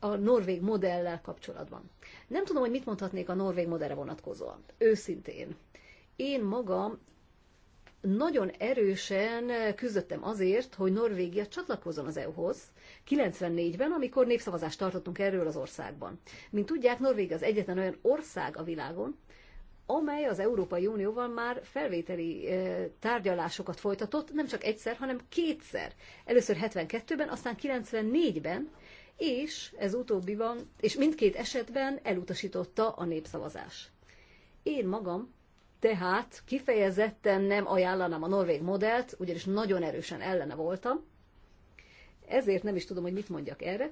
a norvég modellel kapcsolatban. Nem tudom, hogy mit mondhatnék a norvég modellre vonatkozóan. Őszintén. Én magam nagyon erősen küzdöttem azért, hogy Norvégia csatlakozzon az EU-hoz 94-ben, amikor népszavazást tartottunk erről az országban. Mint tudják, Norvégia az egyetlen olyan ország a világon, amely az Európai Unióval már felvételi eh, tárgyalásokat folytatott, nem csak egyszer, hanem kétszer. Először 72-ben, aztán 94-ben, és ez utóbbiban, és mindkét esetben elutasította a népszavazás. Én magam tehát kifejezetten nem ajánlanám a norvég modellt, ugyanis nagyon erősen ellene voltam, ezért nem is tudom, hogy mit mondjak erre.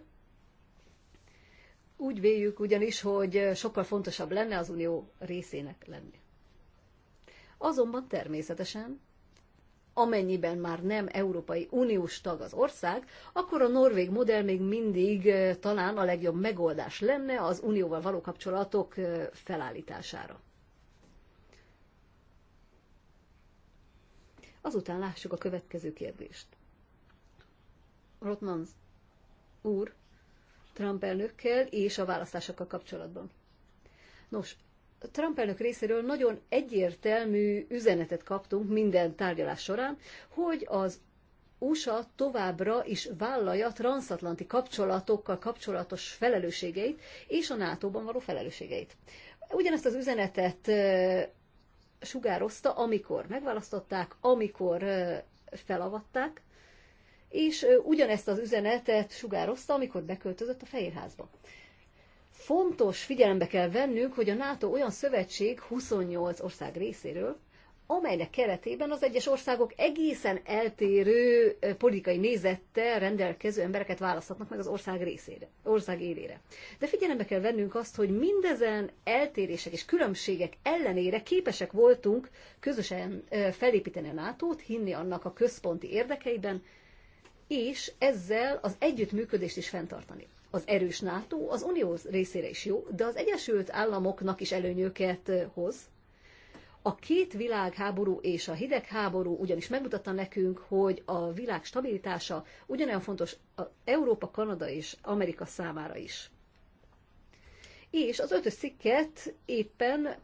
Úgy véljük ugyanis, hogy sokkal fontosabb lenne az unió részének lenni. Azonban természetesen amennyiben már nem Európai Uniós tag az ország, akkor a norvég modell még mindig talán a legjobb megoldás lenne az unióval való kapcsolatok felállítására. Azután lássuk a következő kérdést. Rotmans úr Trump elnökkel és a választásokkal kapcsolatban. Nos, Trump elnök részéről nagyon egyértelmű üzenetet kaptunk minden tárgyalás során, hogy az USA továbbra is vállalja transatlanti kapcsolatokkal kapcsolatos felelősségeit és a NATO-ban való felelősségeit. Ugyanezt az üzenetet sugározta, amikor megválasztották, amikor felavatták, és ugyanezt az üzenetet sugározta, amikor beköltözött a Fehérházba fontos figyelembe kell vennünk, hogy a NATO olyan szövetség 28 ország részéről, amelynek keretében az egyes országok egészen eltérő eh, politikai nézettel rendelkező embereket választhatnak meg az ország részére, ország élére. De figyelembe kell vennünk azt, hogy mindezen eltérések és különbségek ellenére képesek voltunk közösen eh, felépíteni a nato hinni annak a központi érdekeiben, és ezzel az együttműködést is fenntartani az erős NATO az Unió részére is jó, de az Egyesült Államoknak is előnyöket hoz. A két világháború és a hidegháború ugyanis megmutatta nekünk, hogy a világ stabilitása ugyanolyan fontos az Európa, Kanada és Amerika számára is. És az ötös cikket éppen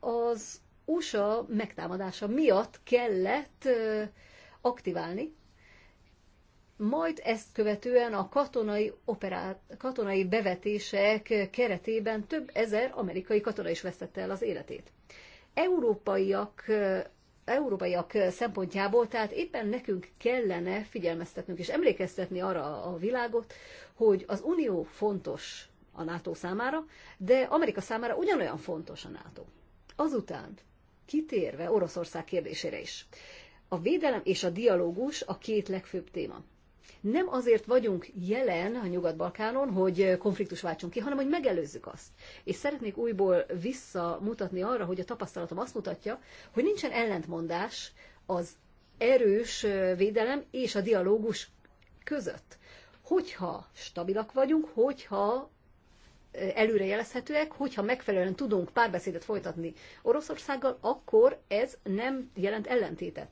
az USA megtámadása miatt kellett aktiválni, majd ezt követően a katonai, operát, katonai bevetések keretében több ezer amerikai katona is vesztette el az életét. Európaiak európaiak szempontjából, tehát éppen nekünk kellene figyelmeztetnünk és emlékeztetni arra a világot, hogy az Unió fontos a NATO számára, de Amerika számára ugyanolyan fontos a NATO. Azután, kitérve Oroszország kérdésére is, a védelem és a dialógus a két legfőbb téma nem azért vagyunk jelen a Nyugat-Balkánon, hogy konfliktus váltsunk ki, hanem hogy megelőzzük azt. És szeretnék újból visszamutatni arra, hogy a tapasztalatom azt mutatja, hogy nincsen ellentmondás az erős védelem és a dialógus között. Hogyha stabilak vagyunk, hogyha előrejelezhetőek, hogyha megfelelően tudunk párbeszédet folytatni Oroszországgal, akkor ez nem jelent ellentétet.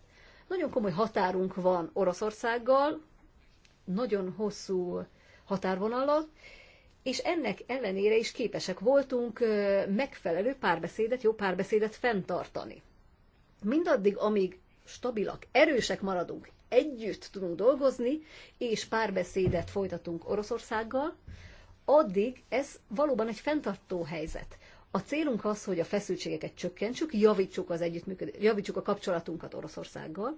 Nagyon komoly határunk van Oroszországgal, nagyon hosszú határvonalat, és ennek ellenére is képesek voltunk megfelelő párbeszédet, jó párbeszédet fenntartani. Mindaddig, amíg stabilak, erősek maradunk, együtt tudunk dolgozni, és párbeszédet folytatunk Oroszországgal, addig ez valóban egy fenntartó helyzet. A célunk az, hogy a feszültségeket csökkentsük, javítsuk, az javítsuk a kapcsolatunkat Oroszországgal,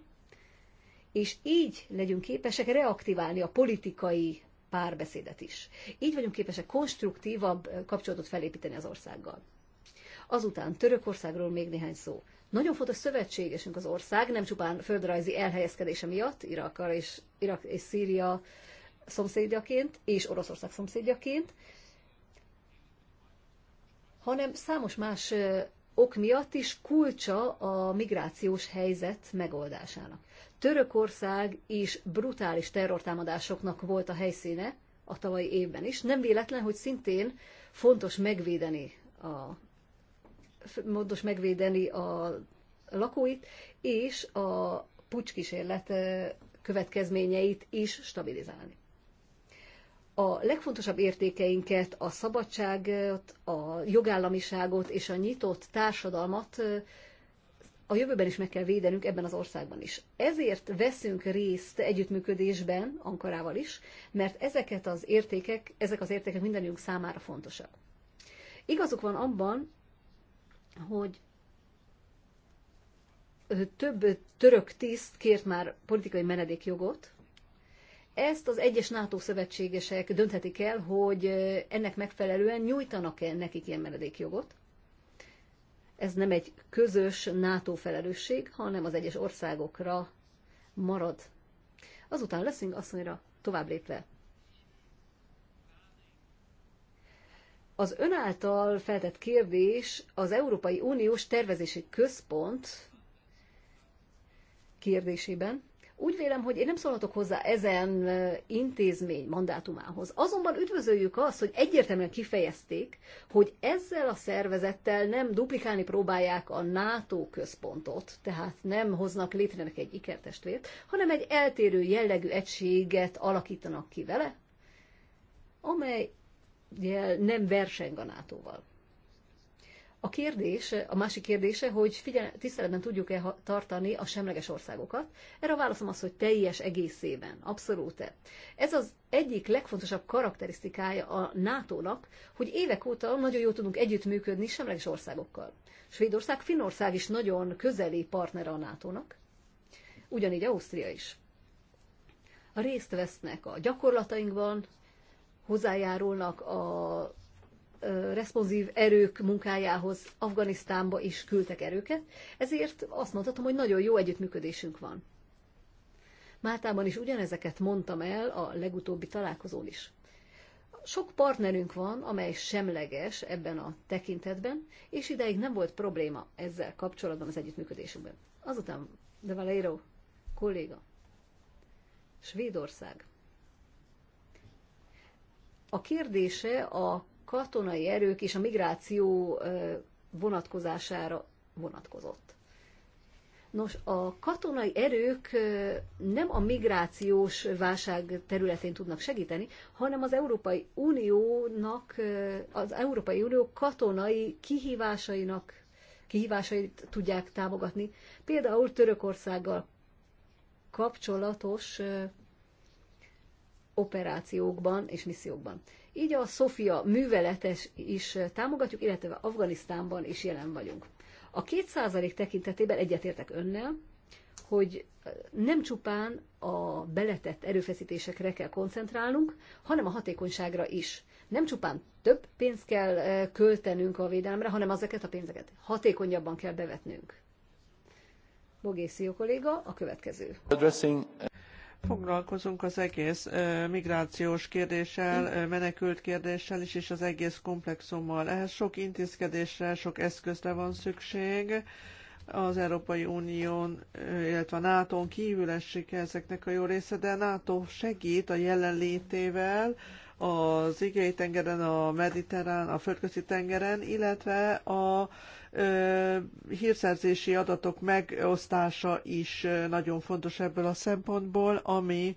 és így legyünk képesek reaktiválni a politikai párbeszédet is. Így vagyunk képesek konstruktívabb kapcsolatot felépíteni az országgal. Azután Törökországról még néhány szó. Nagyon fontos szövetségesünk az ország, nem csupán földrajzi elhelyezkedése miatt, Irak és, Irak és Szíria szomszédjaként, és Oroszország szomszédjaként, hanem számos más ok miatt is kulcsa a migrációs helyzet megoldásának. Törökország is brutális terrortámadásoknak volt a helyszíne a tavalyi évben is. Nem véletlen, hogy szintén fontos megvédeni a fontos megvédeni a lakóit, és a pucskísérlet következményeit is stabilizálni a legfontosabb értékeinket, a szabadságot, a jogállamiságot és a nyitott társadalmat a jövőben is meg kell védenünk ebben az országban is. Ezért veszünk részt együttműködésben Ankarával is, mert ezeket az értékek, ezek az értékek mindenünk számára fontosak. Igazuk van abban, hogy több török tiszt kért már politikai menedékjogot, ezt az egyes NATO szövetségesek dönthetik el, hogy ennek megfelelően nyújtanak-e nekik ilyen menedékjogot. Ez nem egy közös NATO felelősség, hanem az egyes országokra marad. Azután leszünk asszonyra tovább lépve. Az ön által feltett kérdés az Európai Uniós Tervezési Központ kérdésében úgy vélem, hogy én nem szólhatok hozzá ezen intézmény mandátumához. Azonban üdvözöljük azt, hogy egyértelműen kifejezték, hogy ezzel a szervezettel nem duplikálni próbálják a NATO központot, tehát nem hoznak létre egy ikertestvért, hanem egy eltérő jellegű egységet alakítanak ki vele, amely nem verseng a NATO-val. A kérdés, a másik kérdése, hogy figyel, tiszteletben tudjuk-e tartani a semleges országokat. Erre a válaszom az, hogy teljes egészében, abszolút -e. Ez az egyik legfontosabb karakterisztikája a NATO-nak, hogy évek óta nagyon jól tudunk együttműködni semleges országokkal. Svédország, Finnország is nagyon közeli partnere a NATO-nak, ugyanígy Ausztria is. Részt vesznek a gyakorlatainkban, hozzájárulnak a responsív erők munkájához Afganisztánba is küldtek erőket, ezért azt mondhatom, hogy nagyon jó együttműködésünk van. Máltában is ugyanezeket mondtam el a legutóbbi találkozón is. Sok partnerünk van, amely semleges ebben a tekintetben, és ideig nem volt probléma ezzel kapcsolatban az együttműködésünkben. Azután De Valero kolléga, Svédország. A kérdése a katonai erők és a migráció vonatkozására vonatkozott. Nos, a katonai erők nem a migrációs válság területén tudnak segíteni, hanem az Európai Uniónak, az Európai Unió katonai kihívásainak kihívásait tudják támogatni. Például Törökországgal kapcsolatos operációkban és missziókban. Így a Sofia műveletes is támogatjuk, illetve Afganisztánban is jelen vagyunk. A kétszázalék tekintetében egyetértek önnel, hogy nem csupán a beletett erőfeszítésekre kell koncentrálnunk, hanem a hatékonyságra is. Nem csupán több pénzt kell eh, költenünk a védelemre, hanem ezeket a pénzeket hatékonyabban kell bevetnünk. Bogészió kolléga, a következő. Foglalkozunk az egész migrációs kérdéssel, menekült kérdéssel is, és az egész komplexummal. Ehhez sok intézkedésre, sok eszközre van szükség az Európai Unión, illetve a NATO-n kívül esik ezeknek a jó része, de NATO segít a jelenlétével az Igei tengeren, a Mediterrán, a Földközi tengeren, illetve a hírszerzési adatok megosztása is nagyon fontos ebből a szempontból, ami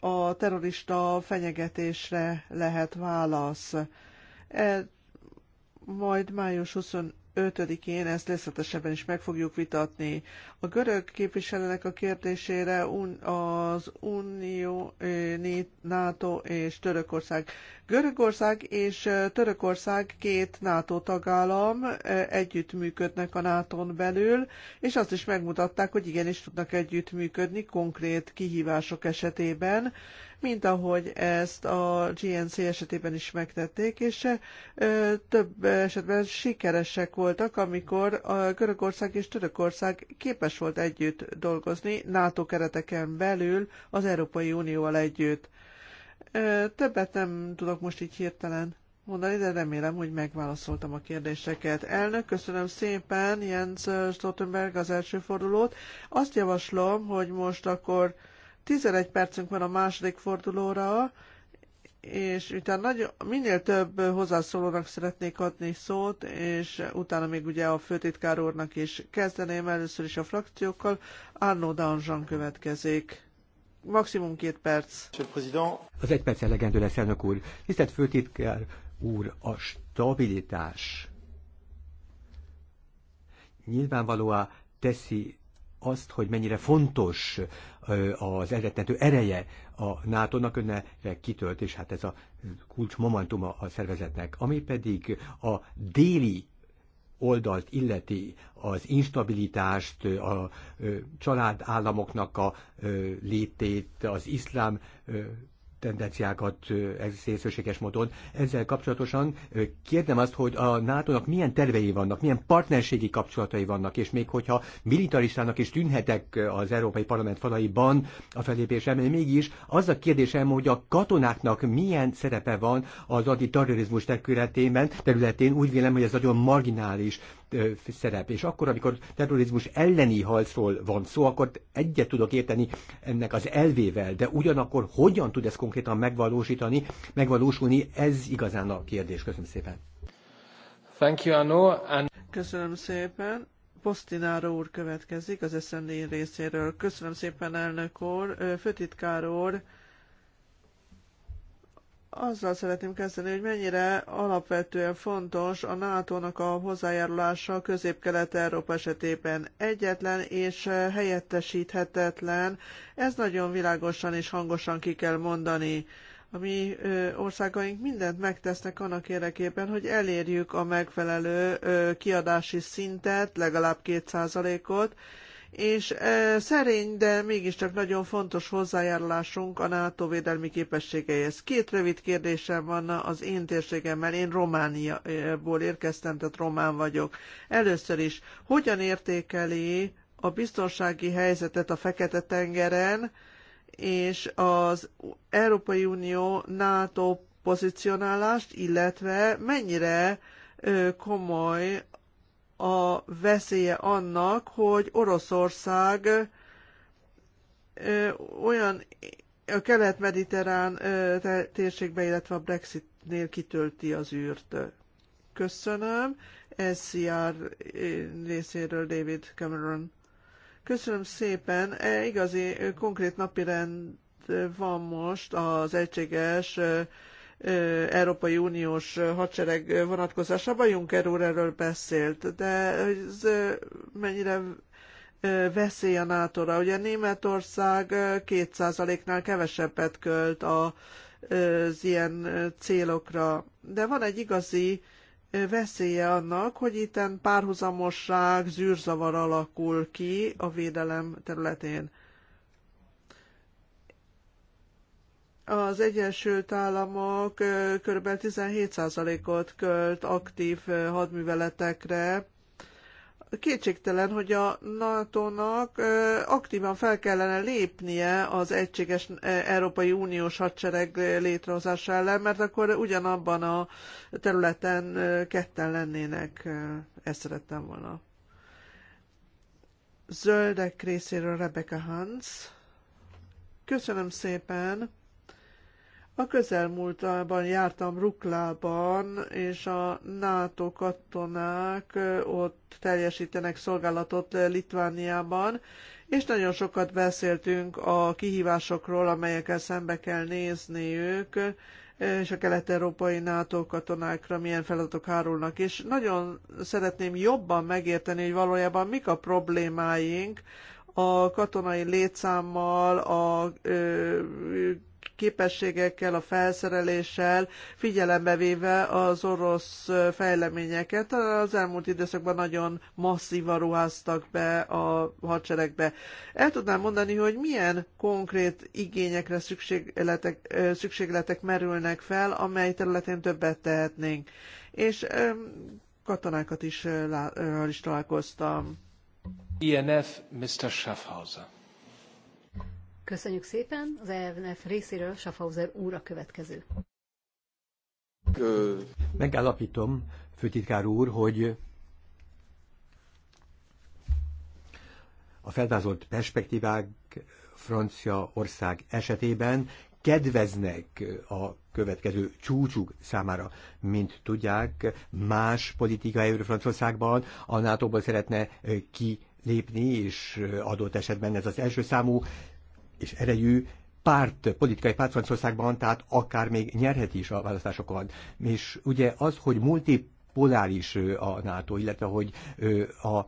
a terrorista fenyegetésre lehet válasz. E, majd május 25-én ezt részletesebben is meg fogjuk vitatni. A görög képviselőnek a kérdésére az Unió, NATO és Törökország Görögország és Törökország két NATO tagállam együttműködnek a NATO-n belül, és azt is megmutatták, hogy igenis tudnak együttműködni konkrét kihívások esetében, mint ahogy ezt a GNC esetében is megtették, és több esetben sikeresek voltak, amikor a Görögország és Törökország képes volt együtt dolgozni NATO kereteken belül az Európai Unióval együtt. Többet nem tudok most így hirtelen mondani, de remélem, hogy megválaszoltam a kérdéseket. Elnök, köszönöm szépen Jens Stoltenberg az első fordulót. Azt javaslom, hogy most akkor 11 percünk van a második fordulóra, és utána nagy, minél több hozzászólónak szeretnék adni szót, és utána még ugye a főtitkár úrnak is kezdeném, először is a frakciókkal. Arnaud Danjean következik maximum két perc. Az egy perc elegendő lesz, elnök úr. Tisztelt főtitkár úr, a stabilitás nyilvánvalóan teszi azt, hogy mennyire fontos az elrettentő ereje a NATO-nak önre kitölt, és hát ez a kulcs momentuma a szervezetnek, ami pedig a déli oldalt illeti az instabilitást, a családállamoknak a létét, az iszlám tendenciákat szélsőséges módon. Ezzel kapcsolatosan kérdem azt, hogy a NATO-nak milyen tervei vannak, milyen partnerségi kapcsolatai vannak, és még hogyha militaristának is tűnhetek az Európai Parlament falaiban a felépésem, mégis az a kérdésem, hogy a katonáknak milyen szerepe van az antiterrorizmus területén, területén, úgy vélem, hogy ez nagyon marginális szerep. És akkor, amikor terrorizmus elleni harcról van szó, akkor egyet tudok érteni ennek az elvével, de ugyanakkor hogyan tud ez konkrétan megvalósítani, megvalósulni, ez igazán a kérdés. Köszönöm szépen. Thank you, Anno. And... Köszönöm szépen. Posztinára úr következik az SZND részéről. Köszönöm szépen, elnök úr. Főtitkár úr, azzal szeretném kezdeni, hogy mennyire alapvetően fontos a NATO-nak a hozzájárulása a közép-kelet-európa esetében egyetlen és helyettesíthetetlen. Ez nagyon világosan és hangosan ki kell mondani. A mi országaink mindent megtesznek annak érdekében, hogy elérjük a megfelelő kiadási szintet, legalább 2%-ot, és szerény, de mégiscsak nagyon fontos hozzájárulásunk a NATO védelmi képességeihez. Két rövid kérdésem van az én térségemmel, én Romániából érkeztem, tehát román vagyok. Először is, hogyan értékeli a biztonsági helyzetet a Fekete-tengeren, és az Európai Unió NATO pozicionálást, illetve mennyire komoly a veszélye annak, hogy Oroszország olyan a kelet-mediterrán térségbe, illetve a Brexitnél kitölti az űrt. Köszönöm. SCR részéről David Cameron. Köszönöm szépen. E, igazi konkrét napirend van most az egységes Európai Uniós hadsereg vonatkozásában. Juncker úr erről beszélt, de ez mennyire veszély a NATO-ra. Ugye Németország 2%-nál kevesebbet költ a, az ilyen célokra, de van egy igazi veszélye annak, hogy itten párhuzamosság, zűrzavar alakul ki a védelem területén. Az Egyesült Államok kb. 17%-ot költ aktív hadműveletekre. Kétségtelen, hogy a NATO-nak aktívan fel kellene lépnie az egységes Európai Uniós hadsereg létrehozása ellen, mert akkor ugyanabban a területen ketten lennének. Ezt szerettem volna. Zöldek részéről Rebecca Hans. Köszönöm szépen! A közelmúltában jártam Ruklában, és a NATO katonák ott teljesítenek szolgálatot Litvániában, és nagyon sokat beszéltünk a kihívásokról, amelyekkel szembe kell nézni ők, és a kelet-európai NATO katonákra milyen feladatok hárulnak. És nagyon szeretném jobban megérteni, hogy valójában mik a problémáink a katonai létszámmal, a képességekkel, a felszereléssel, figyelembe véve az orosz fejleményeket. Az elmúlt időszakban nagyon masszívan ruháztak be a hadseregbe. El tudnám mondani, hogy milyen konkrét igényekre szükségletek, szükségletek merülnek fel, amely területén többet tehetnénk. És katonákat is, is találkoztam. INF Mr. Schaffhauser. Köszönjük szépen. Az ELNF részéről Schaffhauser úr a következő. Megállapítom, főtitkár úr, hogy a felvázolt perspektívák Franciaország esetében kedveznek a következő csúcsuk számára. Mint tudják, más politikai erő Franciaországban a NATO-ból szeretne kilépni, és adott esetben ez az első számú és erejű párt, politikai párt Franciaországban, tehát akár még nyerhet is a választásokon. És ugye az, hogy multi a NATO, illetve hogy a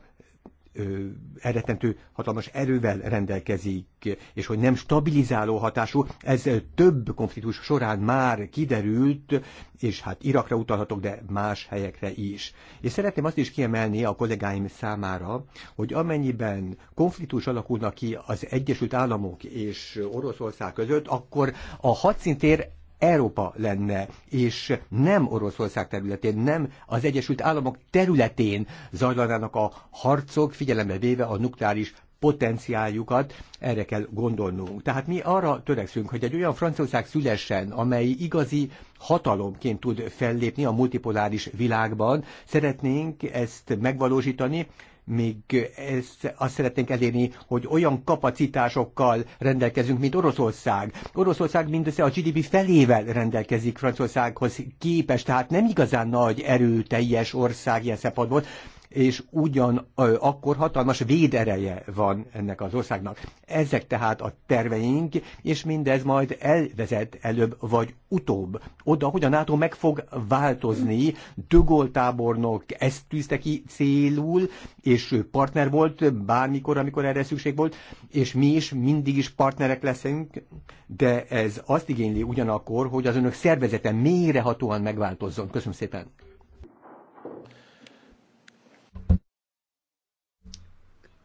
eredetentő hatalmas erővel rendelkezik, és hogy nem stabilizáló hatású, ez több konfliktus során már kiderült, és hát Irakra utalhatok, de más helyekre is. És szeretném azt is kiemelni a kollégáim számára, hogy amennyiben konfliktus alakulna ki az Egyesült Államok és Oroszország között, akkor a hadszintér Európa lenne, és nem Oroszország területén, nem az Egyesült Államok területén zajlanának a harcok, figyelembe véve a nukleáris potenciáljukat, erre kell gondolnunk. Tehát mi arra törekszünk, hogy egy olyan Franciaország szülessen, amely igazi hatalomként tud fellépni a multipoláris világban. Szeretnénk ezt megvalósítani, még ezt, azt szeretnénk elérni, hogy olyan kapacitásokkal rendelkezünk, mint Oroszország. Oroszország mindössze a GDP felével rendelkezik Franciaországhoz képest, tehát nem igazán nagy erőteljes ország ilyen szempontból és ugyan akkor hatalmas védereje van ennek az országnak. Ezek tehát a terveink, és mindez majd elvezet előbb vagy utóbb. Oda, hogy a NATO meg fog változni, Dögol tábornok ezt tűzte ki célul, és ő partner volt bármikor, amikor erre szükség volt, és mi is mindig is partnerek leszünk, de ez azt igényli ugyanakkor, hogy az önök szervezete mélyrehatóan megváltozzon. Köszönöm szépen!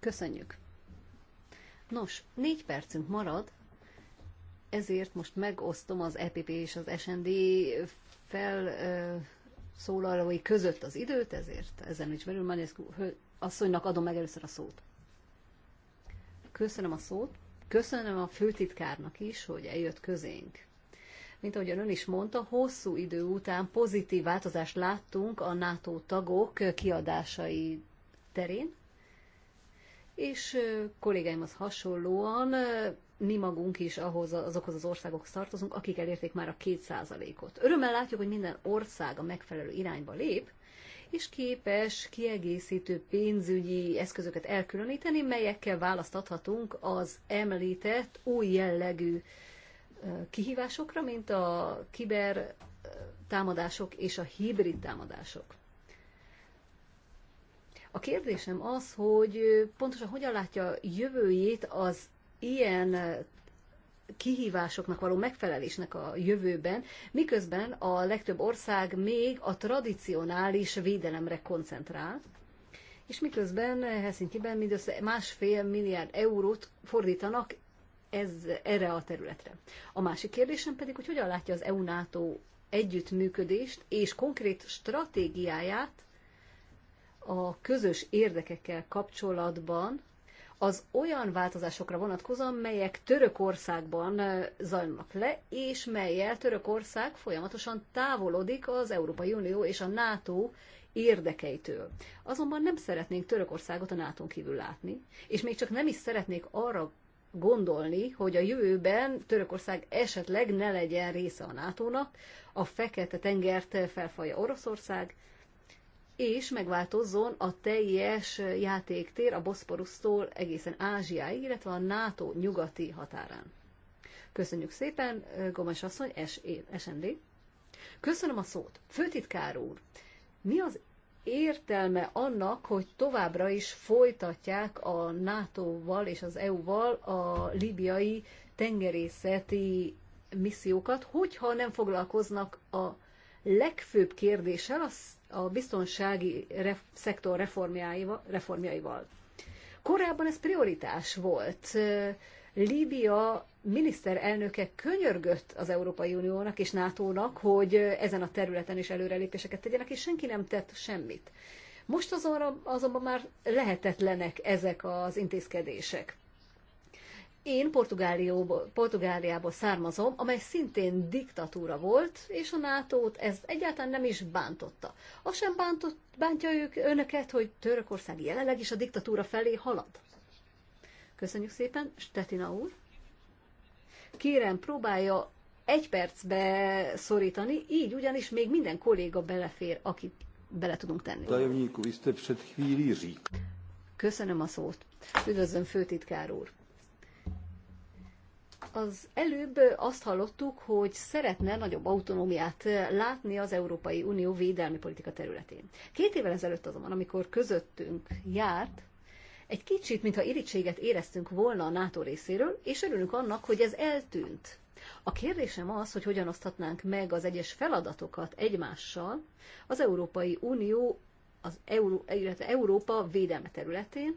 Köszönjük. Nos, négy percünk marad, ezért most megosztom az EPP és az SND felszólalói között az időt, ezért ezen is belül Manészkú asszonynak adom meg először a szót. Köszönöm a szót, köszönöm a főtitkárnak is, hogy eljött közénk. Mint ahogy ön is mondta, hosszú idő után pozitív változást láttunk a NATO tagok kiadásai terén, és az hasonlóan mi magunk is ahhoz, azokhoz az országokhoz tartozunk, akik elérték már a kétszázalékot. Örömmel látjuk, hogy minden ország a megfelelő irányba lép, és képes kiegészítő pénzügyi eszközöket elkülöníteni, melyekkel választathatunk az említett új jellegű kihívásokra, mint a kiber támadások és a hibrid támadások. A kérdésem az, hogy pontosan hogyan látja jövőjét az ilyen kihívásoknak való megfelelésnek a jövőben, miközben a legtöbb ország még a tradicionális védelemre koncentrál, és miközben Helsinki-ben mindössze másfél milliárd eurót fordítanak ez, erre a területre. A másik kérdésem pedig, hogy hogyan látja az EU-NATO együttműködést és konkrét stratégiáját a közös érdekekkel kapcsolatban az olyan változásokra vonatkozóan, melyek Törökországban zajlanak le, és melyel Törökország folyamatosan távolodik az Európai Unió és a NATO érdekeitől. Azonban nem szeretnénk Törökországot a NATO-n kívül látni, és még csak nem is szeretnék arra gondolni, hogy a jövőben Törökország esetleg ne legyen része a NATO-nak, a Fekete-tengert felfalja Oroszország, és megváltozzon a teljes játéktér a Boszporusztól egészen Ázsiáig, illetve a NATO nyugati határán. Köszönjük szépen, Gomes asszony, SND. Köszönöm a szót. Főtitkár úr, mi az értelme annak, hogy továbbra is folytatják a NATO-val és az EU-val a libiai tengerészeti missziókat, hogyha nem foglalkoznak a legfőbb kérdéssel az a biztonsági ref, szektor reformjaival, reformjaival. Korábban ez prioritás volt. Líbia miniszterelnöke könyörgött az Európai Uniónak és NATO-nak, hogy ezen a területen is előrelépéseket tegyenek, és senki nem tett semmit. Most azonra, azonban már lehetetlenek ezek az intézkedések. Én Portugáliából, Portugáliából származom, amely szintén diktatúra volt, és a NATO-t ez egyáltalán nem is bántotta. Azt sem bántott, bántja ők önöket, hogy Törökország jelenleg is a diktatúra felé halad. Köszönjük szépen, Stetina úr. Kérem, próbálja egy percbe szorítani, így ugyanis még minden kolléga belefér, aki bele tudunk tenni. Köszönöm a szót. Üdvözlöm, főtitkár úr. Az előbb azt hallottuk, hogy szeretne nagyobb autonómiát látni az Európai Unió védelmi politika területén. Két évvel ezelőtt azonban, amikor közöttünk járt, egy kicsit, mintha irítséget éreztünk volna a NATO részéről, és örülünk annak, hogy ez eltűnt. A kérdésem az, hogy hogyan oszthatnánk meg az egyes feladatokat egymással az Európai Unió, az Euró, illetve Európa védelme területén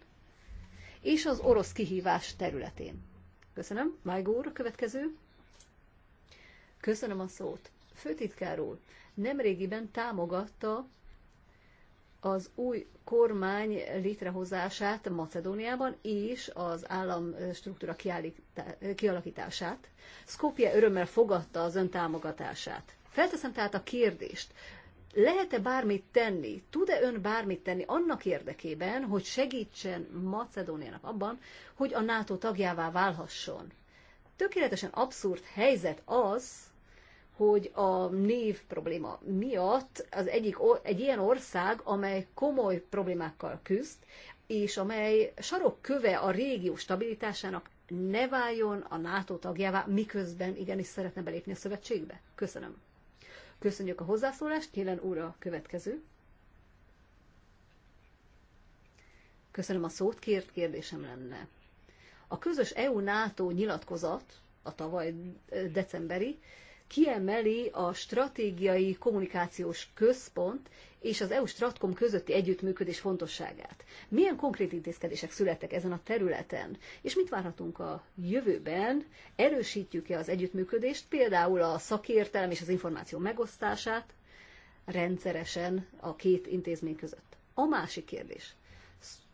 és az orosz kihívás területén. Köszönöm. Vájgó úr, a következő. Köszönöm a szót. Főtitkár úr, nemrégiben támogatta az új kormány létrehozását Macedóniában és az állam struktúra kialakítását. Skopje örömmel fogadta az ön támogatását. Felteszem tehát a kérdést, lehet-e bármit tenni, tud-e ön bármit tenni annak érdekében, hogy segítsen Macedóniának abban, hogy a NATO tagjává válhasson? Tökéletesen abszurd helyzet az, hogy a név probléma miatt az egyik, egy ilyen ország, amely komoly problémákkal küzd, és amely sarokköve a régió stabilitásának ne váljon a NATO tagjává, miközben igenis szeretne belépni a szövetségbe. Köszönöm. Köszönjük a hozzászólást, Jelen úr a következő. Köszönöm a szót, kért kérdésem lenne. A közös EU-NATO nyilatkozat, a tavaly decemberi, kiemeli a stratégiai kommunikációs központ és az EU Stratkom közötti együttműködés fontosságát. Milyen konkrét intézkedések születtek ezen a területen, és mit várhatunk a jövőben? Erősítjük-e az együttműködést, például a szakértelem és az információ megosztását rendszeresen a két intézmény között? A másik kérdés.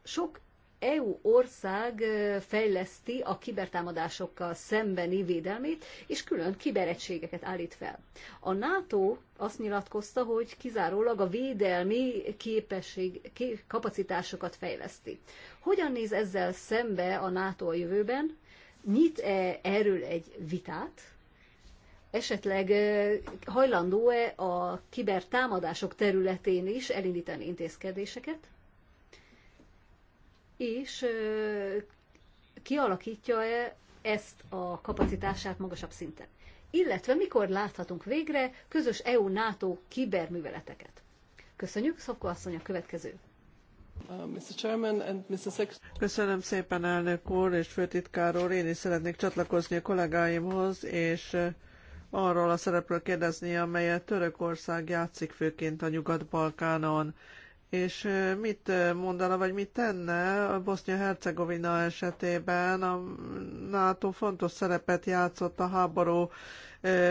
Sok EU ország fejleszti a kibertámadásokkal szembeni védelmét, és külön kiberegységeket állít fel. A NATO azt nyilatkozta, hogy kizárólag a védelmi képesség, kapacitásokat fejleszti. Hogyan néz ezzel szembe a NATO a jövőben? Nyit-e erről egy vitát? esetleg hajlandó-e a kibertámadások területén is elindítani intézkedéseket? és kialakítja-e ezt a kapacitását magasabb szinten. Illetve mikor láthatunk végre közös EU-NATO kiberműveleteket. Köszönjük, Szopko asszony a következő. Uh, Köszönöm szépen, elnök úr és főtitkár úr. Én is szeretnék csatlakozni a kollégáimhoz, és arról a szerepről kérdezni, amelyet Törökország játszik főként a Nyugat-Balkánon. És mit mondana, vagy mit tenne a Bosznia-Hercegovina esetében? A NATO fontos szerepet játszott a háború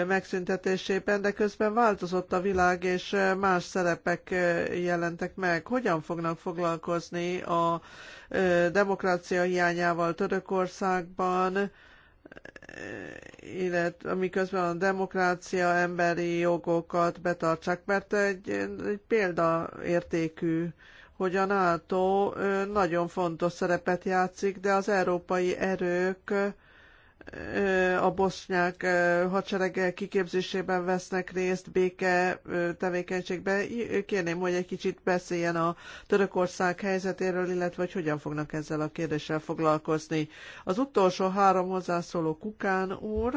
megszüntetésében, de közben változott a világ, és más szerepek jelentek meg. Hogyan fognak foglalkozni a demokrácia hiányával Törökországban, illet, amiközben a demokrácia, emberi jogokat betartsák, mert egy, egy példaértékű, hogy a NATO nagyon fontos szerepet játszik, de az európai erők a bosnyák hadsereg kiképzésében vesznek részt, béke tevékenységben. Kérném, hogy egy kicsit beszéljen a Törökország helyzetéről, illetve hogy hogyan fognak ezzel a kérdéssel foglalkozni. Az utolsó három hozzászóló Kukán úr.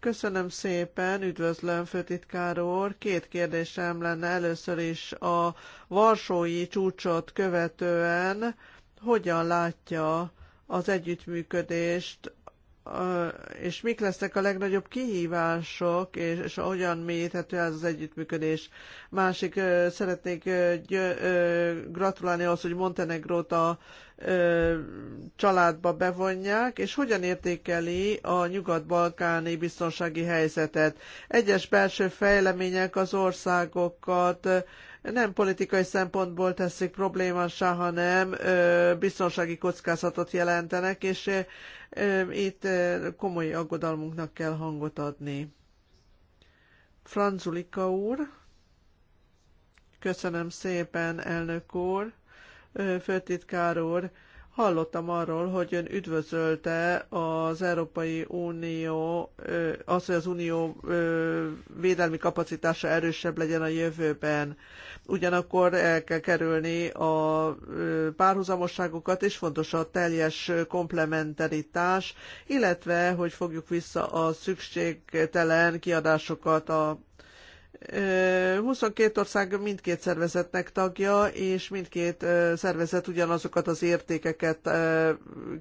Köszönöm szépen, üdvözlöm főtitkár úr. Két kérdésem lenne először is a Varsói csúcsot követően. Hogyan látja az együttműködést, és mik lesznek a legnagyobb kihívások, és, és hogyan mélyíthető ez az együttműködés. Másik, szeretnék gratulálni ahhoz, hogy Montenegrót a családba bevonják, és hogyan értékeli a nyugat-balkáni biztonsági helyzetet. Egyes belső fejlemények az országokat nem politikai szempontból teszik problémassá, hanem biztonsági kockázatot jelentenek, és itt komoly aggodalmunknak kell hangot adni. Franzulika úr, köszönöm szépen, elnök úr, főtitkár úr, Hallottam arról, hogy ön üdvözölte az Európai Unió, az, hogy az Unió védelmi kapacitása erősebb legyen a jövőben. Ugyanakkor el kell kerülni a párhuzamosságokat, és fontos a teljes komplementaritás, illetve hogy fogjuk vissza a szükségtelen kiadásokat a 22 ország mindkét szervezetnek tagja, és mindkét szervezet ugyanazokat az értékeket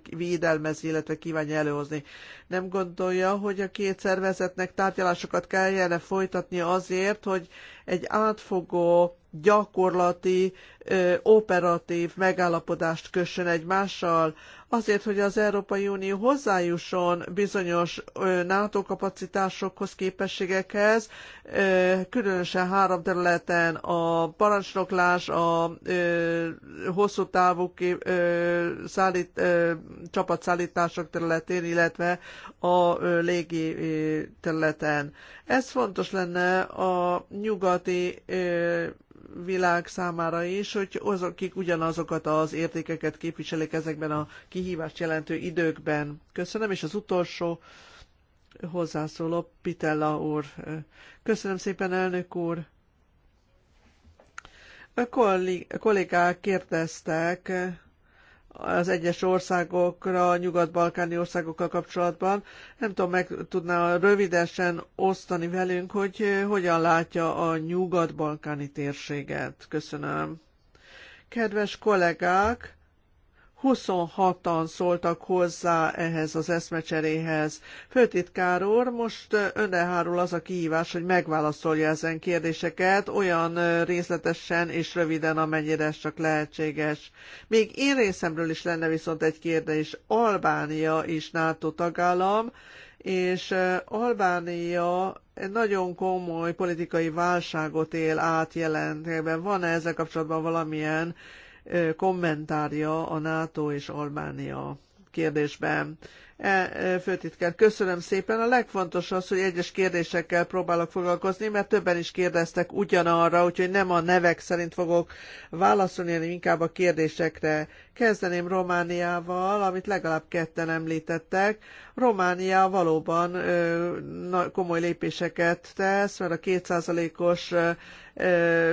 védelmezi, illetve kívánja előhozni. Nem gondolja, hogy a két szervezetnek tárgyalásokat kellene folytatni azért, hogy egy átfogó, gyakorlati, operatív megállapodást kössön egymással, azért, hogy az Európai Unió hozzájusson bizonyos NATO kapacitásokhoz, képességekhez, különösen három területen a parancsnoklás, a hosszú távú kép, szállít, csapatszállítások területén, illetve a légi területen. Ez fontos lenne a nyugat nyugati világ számára is, hogy azok, akik ugyanazokat az értékeket képviselik ezekben a kihívást jelentő időkben. Köszönöm, és az utolsó hozzászóló Pitella úr. Köszönöm szépen, elnök úr! A kollégák kérdeztek az egyes országokra, a nyugat-balkáni országokkal kapcsolatban. Nem tudom, meg tudná rövidesen osztani velünk, hogy eh, hogyan látja a nyugat-balkáni térséget. Köszönöm. Kedves kollégák, 26-an szóltak hozzá ehhez az eszmecseréhez. Főtitkár úr, most önre az a kihívás, hogy megválaszolja ezen kérdéseket olyan részletesen és röviden, amennyire ez csak lehetséges. Még én részemről is lenne viszont egy kérdés. Albánia is NATO tagállam, és Albánia egy nagyon komoly politikai válságot él át jelentében. Van-e ezzel kapcsolatban valamilyen kommentárja a NATO és Albánia kérdésben. E, főtitkár, köszönöm szépen. A legfontosabb az, hogy egyes kérdésekkel próbálok foglalkozni, mert többen is kérdeztek ugyanarra, úgyhogy nem a nevek szerint fogok válaszolni, hanem inkább a kérdésekre. Kezdeném Romániával, amit legalább ketten említettek. Románia valóban ö, komoly lépéseket tesz, mert a kétszázalékos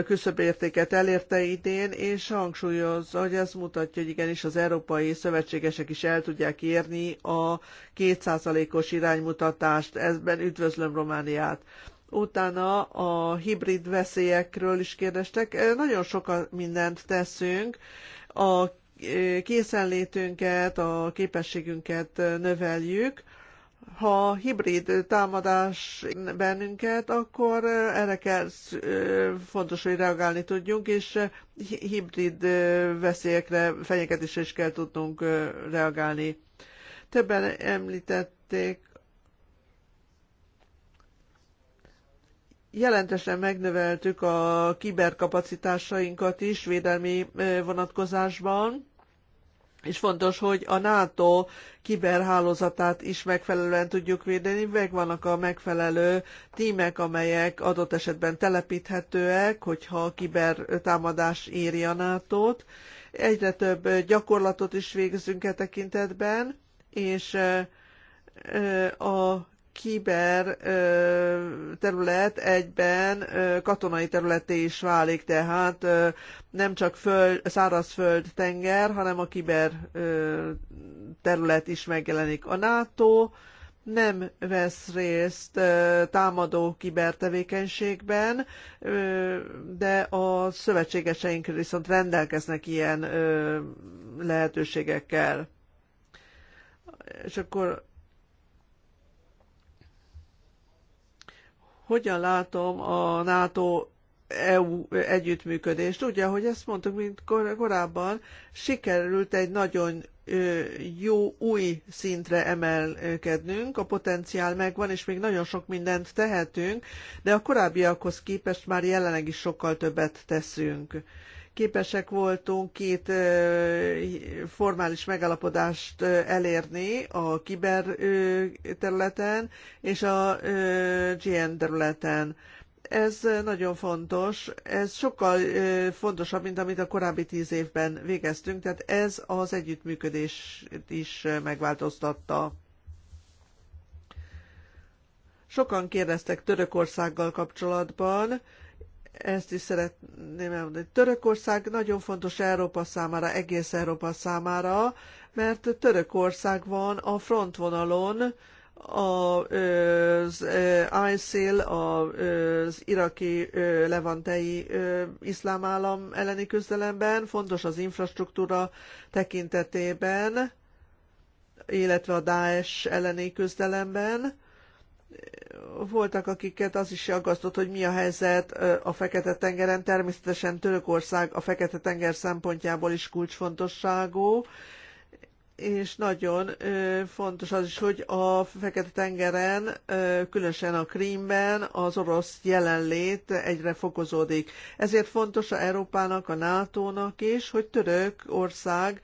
küszöbértéket elérte idén, és hangsúlyozza, hogy ez mutatja, hogy igenis az európai szövetségesek is el tudják érni a kétszázalékos iránymutatást. Ezben üdvözlöm Romániát. Utána a hibrid veszélyekről is kérdeztek. Nagyon sok mindent teszünk. A készenlétünket, a képességünket növeljük ha hibrid támadás bennünket, akkor erre kell fontos, hogy reagálni tudjunk, és hibrid veszélyekre, fenyegetésre is kell tudnunk reagálni. Többen említették, jelentesen megnöveltük a kiberkapacitásainkat is védelmi vonatkozásban, és fontos, hogy a NATO kiberhálózatát is megfelelően tudjuk védeni, vannak a megfelelő tímek, amelyek adott esetben telepíthetőek, hogyha a kiber támadás éri a nato -t. Egyre több gyakorlatot is végzünk e tekintetben, és a kiber terület egyben katonai területé is válik, tehát nem csak föld, szárazföld, tenger, hanem a kiber terület is megjelenik. A NATO nem vesz részt támadó kibertevékenységben, de a szövetségeseink viszont rendelkeznek ilyen lehetőségekkel. És akkor Hogyan látom a NATO EU együttműködést. Ugye, ahogy ezt mondtuk, mint kor- korábban, sikerült egy nagyon jó új szintre emelkednünk, a potenciál megvan, és még nagyon sok mindent tehetünk, de a korábbiakhoz képest már jelenleg is sokkal többet teszünk képesek voltunk két formális megállapodást elérni a kiber területen és a GN területen. Ez nagyon fontos, ez sokkal fontosabb, mint amit a korábbi tíz évben végeztünk, tehát ez az együttműködés is megváltoztatta. Sokan kérdeztek Törökországgal kapcsolatban, ezt is szeretném elmondani. Törökország nagyon fontos Európa számára, egész Európa számára, mert Törökország van a frontvonalon, az ISIL, az iraki levantei iszlám állam elleni küzdelemben, fontos az infrastruktúra tekintetében, illetve a Daesh elleni küzdelemben voltak, akiket az is aggasztott, hogy mi a helyzet a Fekete-tengeren. Természetesen Törökország a Fekete-tenger szempontjából is kulcsfontosságú, és nagyon fontos az is, hogy a Fekete-tengeren, különösen a Krímben az orosz jelenlét egyre fokozódik. Ezért fontos a Európának, a NATO-nak is, hogy Törökország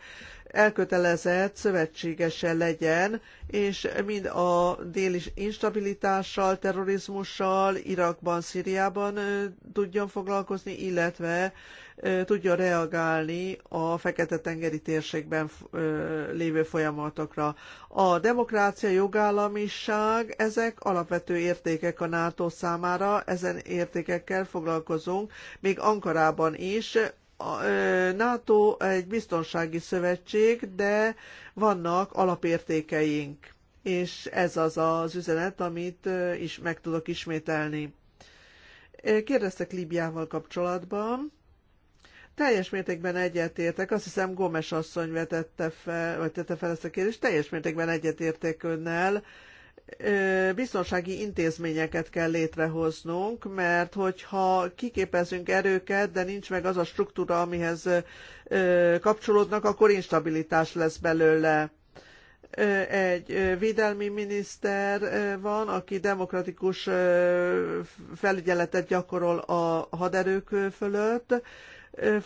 elkötelezett szövetségese legyen, és mind a déli instabilitással, terrorizmussal, Irakban, Szíriában tudjon foglalkozni, illetve tudja reagálni a Fekete-tengeri térségben lévő folyamatokra. A demokrácia, jogállamiság, ezek alapvető értékek a NATO számára, ezen értékekkel foglalkozunk, még Ankarában is, a NATO egy biztonsági szövetség, de vannak alapértékeink, és ez az az üzenet, amit is meg tudok ismételni. Kérdeztek Líbiával kapcsolatban. Teljes mértékben egyetértek, azt hiszem Gomes asszony vetette fel, vagy tette fel ezt a kérdést, teljes mértékben egyetértek önnel, biztonsági intézményeket kell létrehoznunk, mert hogyha kiképezünk erőket, de nincs meg az a struktúra, amihez kapcsolódnak, akkor instabilitás lesz belőle egy védelmi miniszter van, aki demokratikus felügyeletet gyakorol a haderők fölött.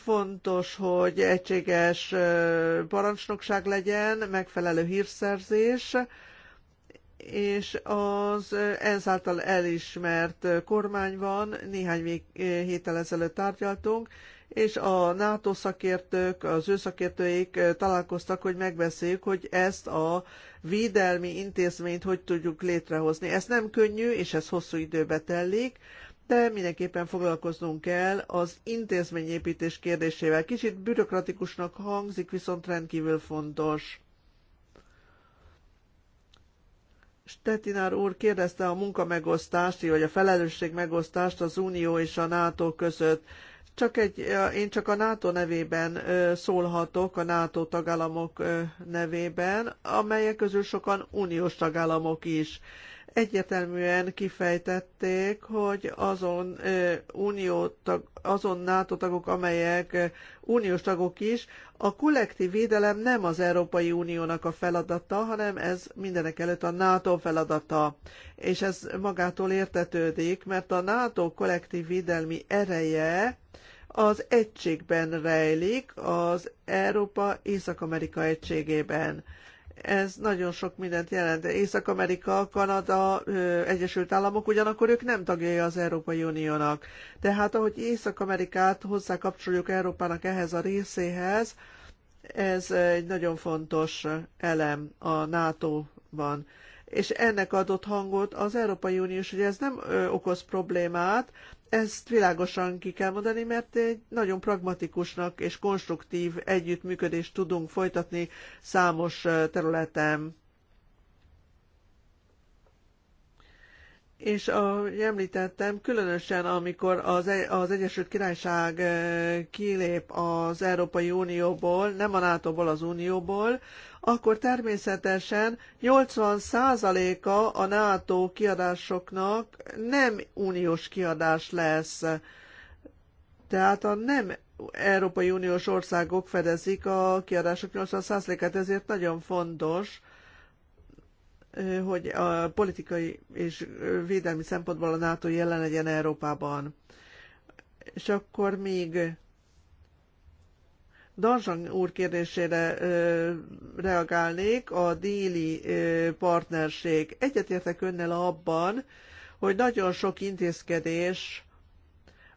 Fontos, hogy egységes parancsnokság legyen, megfelelő hírszerzés, és az ezáltal elismert kormány van, néhány eh, héttel ezelőtt tárgyaltunk, és a NATO szakértők, az ő szakértőik eh, találkoztak, hogy megbeszéljük, hogy ezt a védelmi intézményt hogy tudjuk létrehozni. Ez nem könnyű, és ez hosszú időbe telik, de mindenképpen foglalkoznunk kell az intézményépítés kérdésével. Kicsit bürokratikusnak hangzik, viszont rendkívül fontos Stettinár úr kérdezte a munkamegosztást, vagy a felelősség megosztást az Unió és a NATO között. Csak egy, én csak a NATO nevében szólhatok, a NATO tagállamok nevében, amelyek közül sokan uniós tagállamok is egyetelműen kifejtették, hogy azon unió tag, azon NATO tagok, amelyek uniós tagok is, a kollektív védelem nem az Európai Uniónak a feladata, hanem ez mindenek előtt a NATO feladata. És ez magától értetődik, mert a NATO kollektív védelmi ereje az egységben rejlik, az Európa-Észak-Amerika egységében ez nagyon sok mindent jelent. Észak-Amerika, Kanada, Egyesült Államok, ugyanakkor ők nem tagjai az Európai Uniónak. Tehát ahogy Észak-Amerikát hozzákapcsoljuk Európának ehhez a részéhez, ez egy nagyon fontos elem a NATO-ban. És ennek adott hangot az Európai Unió is, hogy ez nem okoz problémát, ezt világosan ki kell mondani, mert egy nagyon pragmatikusnak és konstruktív együttműködést tudunk folytatni számos területen. És ahogy említettem, különösen amikor az, e-, az Egyesült Királyság kilép az Európai Unióból, nem a NATO-ból, az Unióból, akkor természetesen 80%-a a NATO kiadásoknak nem uniós kiadás lesz. Tehát a nem Európai Uniós országok fedezik a kiadások 80%-át, ezért nagyon fontos, hogy a politikai és védelmi szempontból a NATO jelen legyen Európában. És akkor még Darzsang úr kérdésére ö, reagálnék, a déli ö, partnerség. Egyetértek önnel abban, hogy nagyon sok intézkedés,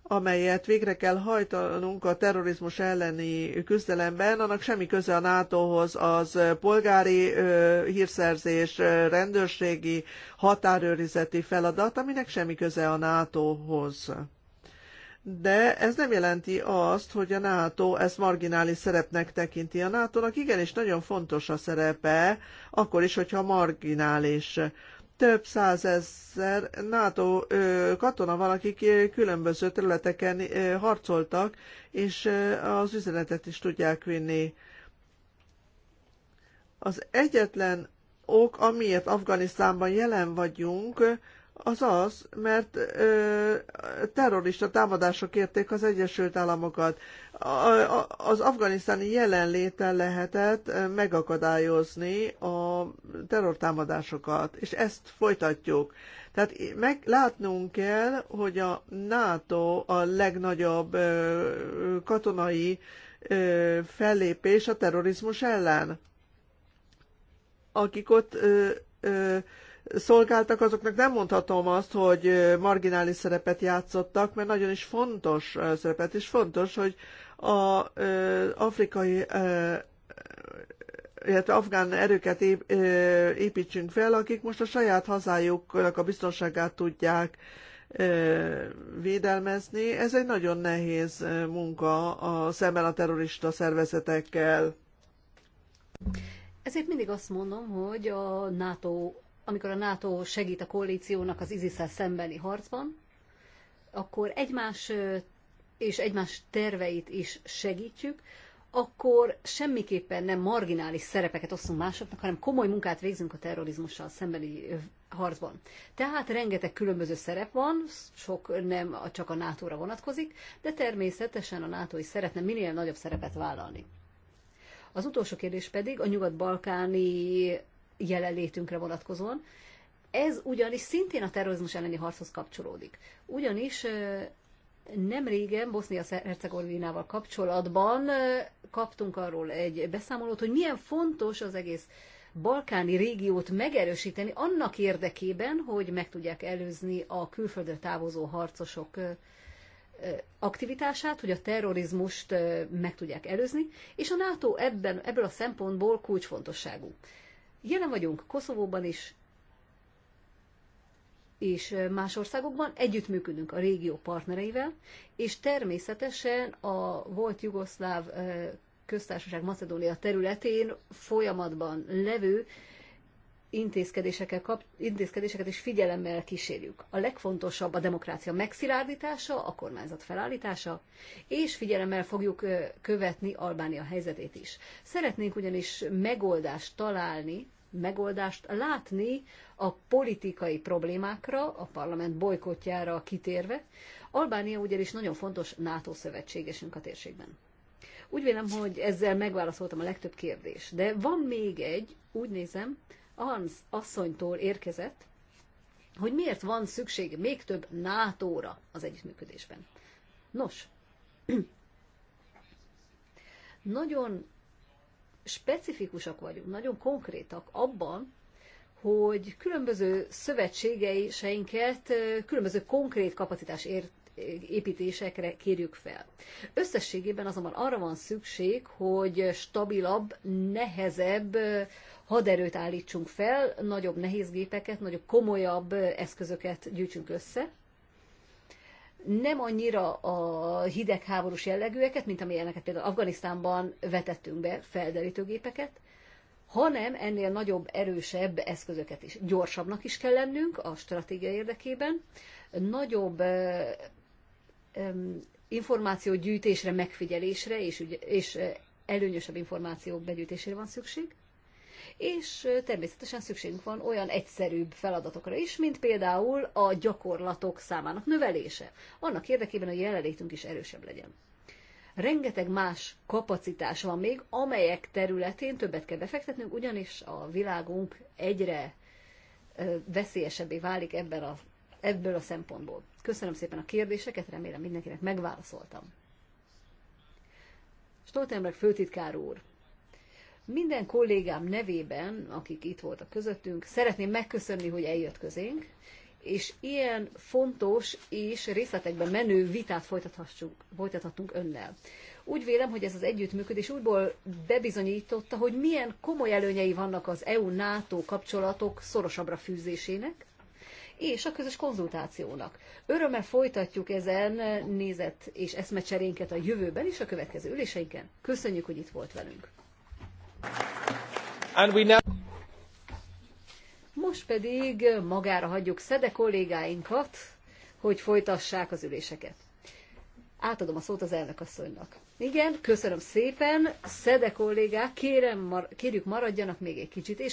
amelyet végre kell hajtanunk a terrorizmus elleni küzdelemben, annak semmi köze a NATO-hoz, az polgári ö, hírszerzés, rendőrségi, határőrizeti feladat, aminek semmi köze a NATO-hoz de ez nem jelenti azt, hogy a NATO ezt marginális szerepnek tekinti. A NATO-nak igenis nagyon fontos a szerepe, akkor is, hogyha marginális több százezer NATO katona van, akik különböző területeken harcoltak, és az üzenetet is tudják vinni. Az egyetlen ok, amiért Afganisztánban jelen vagyunk, az az, mert ö, terrorista támadások érték az Egyesült Államokat. A, a, az afganisztáni jelenléte lehetett megakadályozni a terrortámadásokat, és ezt folytatjuk. Tehát meg, látnunk kell, hogy a NATO a legnagyobb ö, katonai ö, fellépés a terrorizmus ellen. Akik ott ö, ö, szolgáltak, azoknak nem mondhatom azt, hogy marginális szerepet játszottak, mert nagyon is fontos szerepet, és fontos, hogy a afrikai illetve afgán erőket építsünk fel, akik most a saját hazájuknak a biztonságát tudják védelmezni. Ez egy nagyon nehéz munka a, szemben a terrorista szervezetekkel. Ezért mindig azt mondom, hogy a NATO amikor a NATO segít a koalíciónak az isis szembeni harcban, akkor egymás és egymás terveit is segítjük, akkor semmiképpen nem marginális szerepeket osztunk másoknak, hanem komoly munkát végzünk a terrorizmussal szembeni harcban. Tehát rengeteg különböző szerep van, sok nem csak a NATO-ra vonatkozik, de természetesen a NATO is szeretne minél nagyobb szerepet vállalni. Az utolsó kérdés pedig a nyugat-balkáni jelenlétünkre vonatkozóan. Ez ugyanis szintén a terrorizmus elleni harchoz kapcsolódik. Ugyanis nem régen Bosznia-Hercegovinával kapcsolatban kaptunk arról egy beszámolót, hogy milyen fontos az egész balkáni régiót megerősíteni annak érdekében, hogy meg tudják előzni a külföldre távozó harcosok aktivitását, hogy a terrorizmust meg tudják előzni, és a NATO ebben, ebből a szempontból kulcsfontosságú. Jelen vagyunk Koszovóban is, és más országokban együttműködünk a régió partnereivel, és természetesen a volt jugoszláv köztársaság Macedónia területén folyamatban levő kap, intézkedéseket is figyelemmel kísérjük. A legfontosabb a demokrácia megszilárdítása, a kormányzat felállítása, és figyelemmel fogjuk követni Albánia helyzetét is. Szeretnénk ugyanis megoldást találni megoldást látni a politikai problémákra, a parlament bolykotjára kitérve. Albánia ugyanis nagyon fontos NATO szövetségesünk a térségben. Úgy vélem, hogy ezzel megválaszoltam a legtöbb kérdést. De van még egy, úgy nézem, Hans asszonytól érkezett, hogy miért van szükség még több NATO-ra az együttműködésben. Nos, nagyon specifikusak vagyunk, nagyon konkrétak abban, hogy különböző szövetségeiseinket különböző konkrét kapacitás ért építésekre kérjük fel. Összességében azonban arra van szükség, hogy stabilabb, nehezebb haderőt állítsunk fel, nagyobb nehézgépeket, nagyobb komolyabb eszközöket gyűjtsünk össze, nem annyira a hidegháborús jellegűeket, mint amilyeneket például Afganisztánban vetettünk be felderítőgépeket, hanem ennél nagyobb, erősebb eszközöket is. Gyorsabbnak is kell lennünk a stratégia érdekében, nagyobb információ gyűjtésre, megfigyelésre és, és előnyösebb információ begyűjtésére van szükség és természetesen szükségünk van olyan egyszerűbb feladatokra is, mint például a gyakorlatok számának növelése, annak érdekében, hogy jelenlétünk is erősebb legyen. Rengeteg más kapacitás van még, amelyek területén többet kell befektetnünk, ugyanis a világunk egyre veszélyesebbé válik ebben a, ebből a szempontból. Köszönöm szépen a kérdéseket, remélem mindenkinek megválaszoltam. Stoltenberg főtitkár úr, minden kollégám nevében, akik itt voltak közöttünk, szeretném megköszönni, hogy eljött közénk, és ilyen fontos és részletekben menő vitát folytathatunk önnel. Úgy vélem, hogy ez az együttműködés úgyból bebizonyította, hogy milyen komoly előnyei vannak az EU-NATO kapcsolatok szorosabbra fűzésének, és a közös konzultációnak. Örömmel folytatjuk ezen nézet és eszmecserénket a jövőben is, a következő üléseinken. Köszönjük, hogy itt volt velünk! And we now... Most pedig magára hagyjuk Szede kollégáinkat, hogy folytassák az üléseket. Átadom a szót az elnökasszonynak. Igen, köszönöm szépen. Szede kollégák, kérem, mar- kérjük maradjanak még egy kicsit, és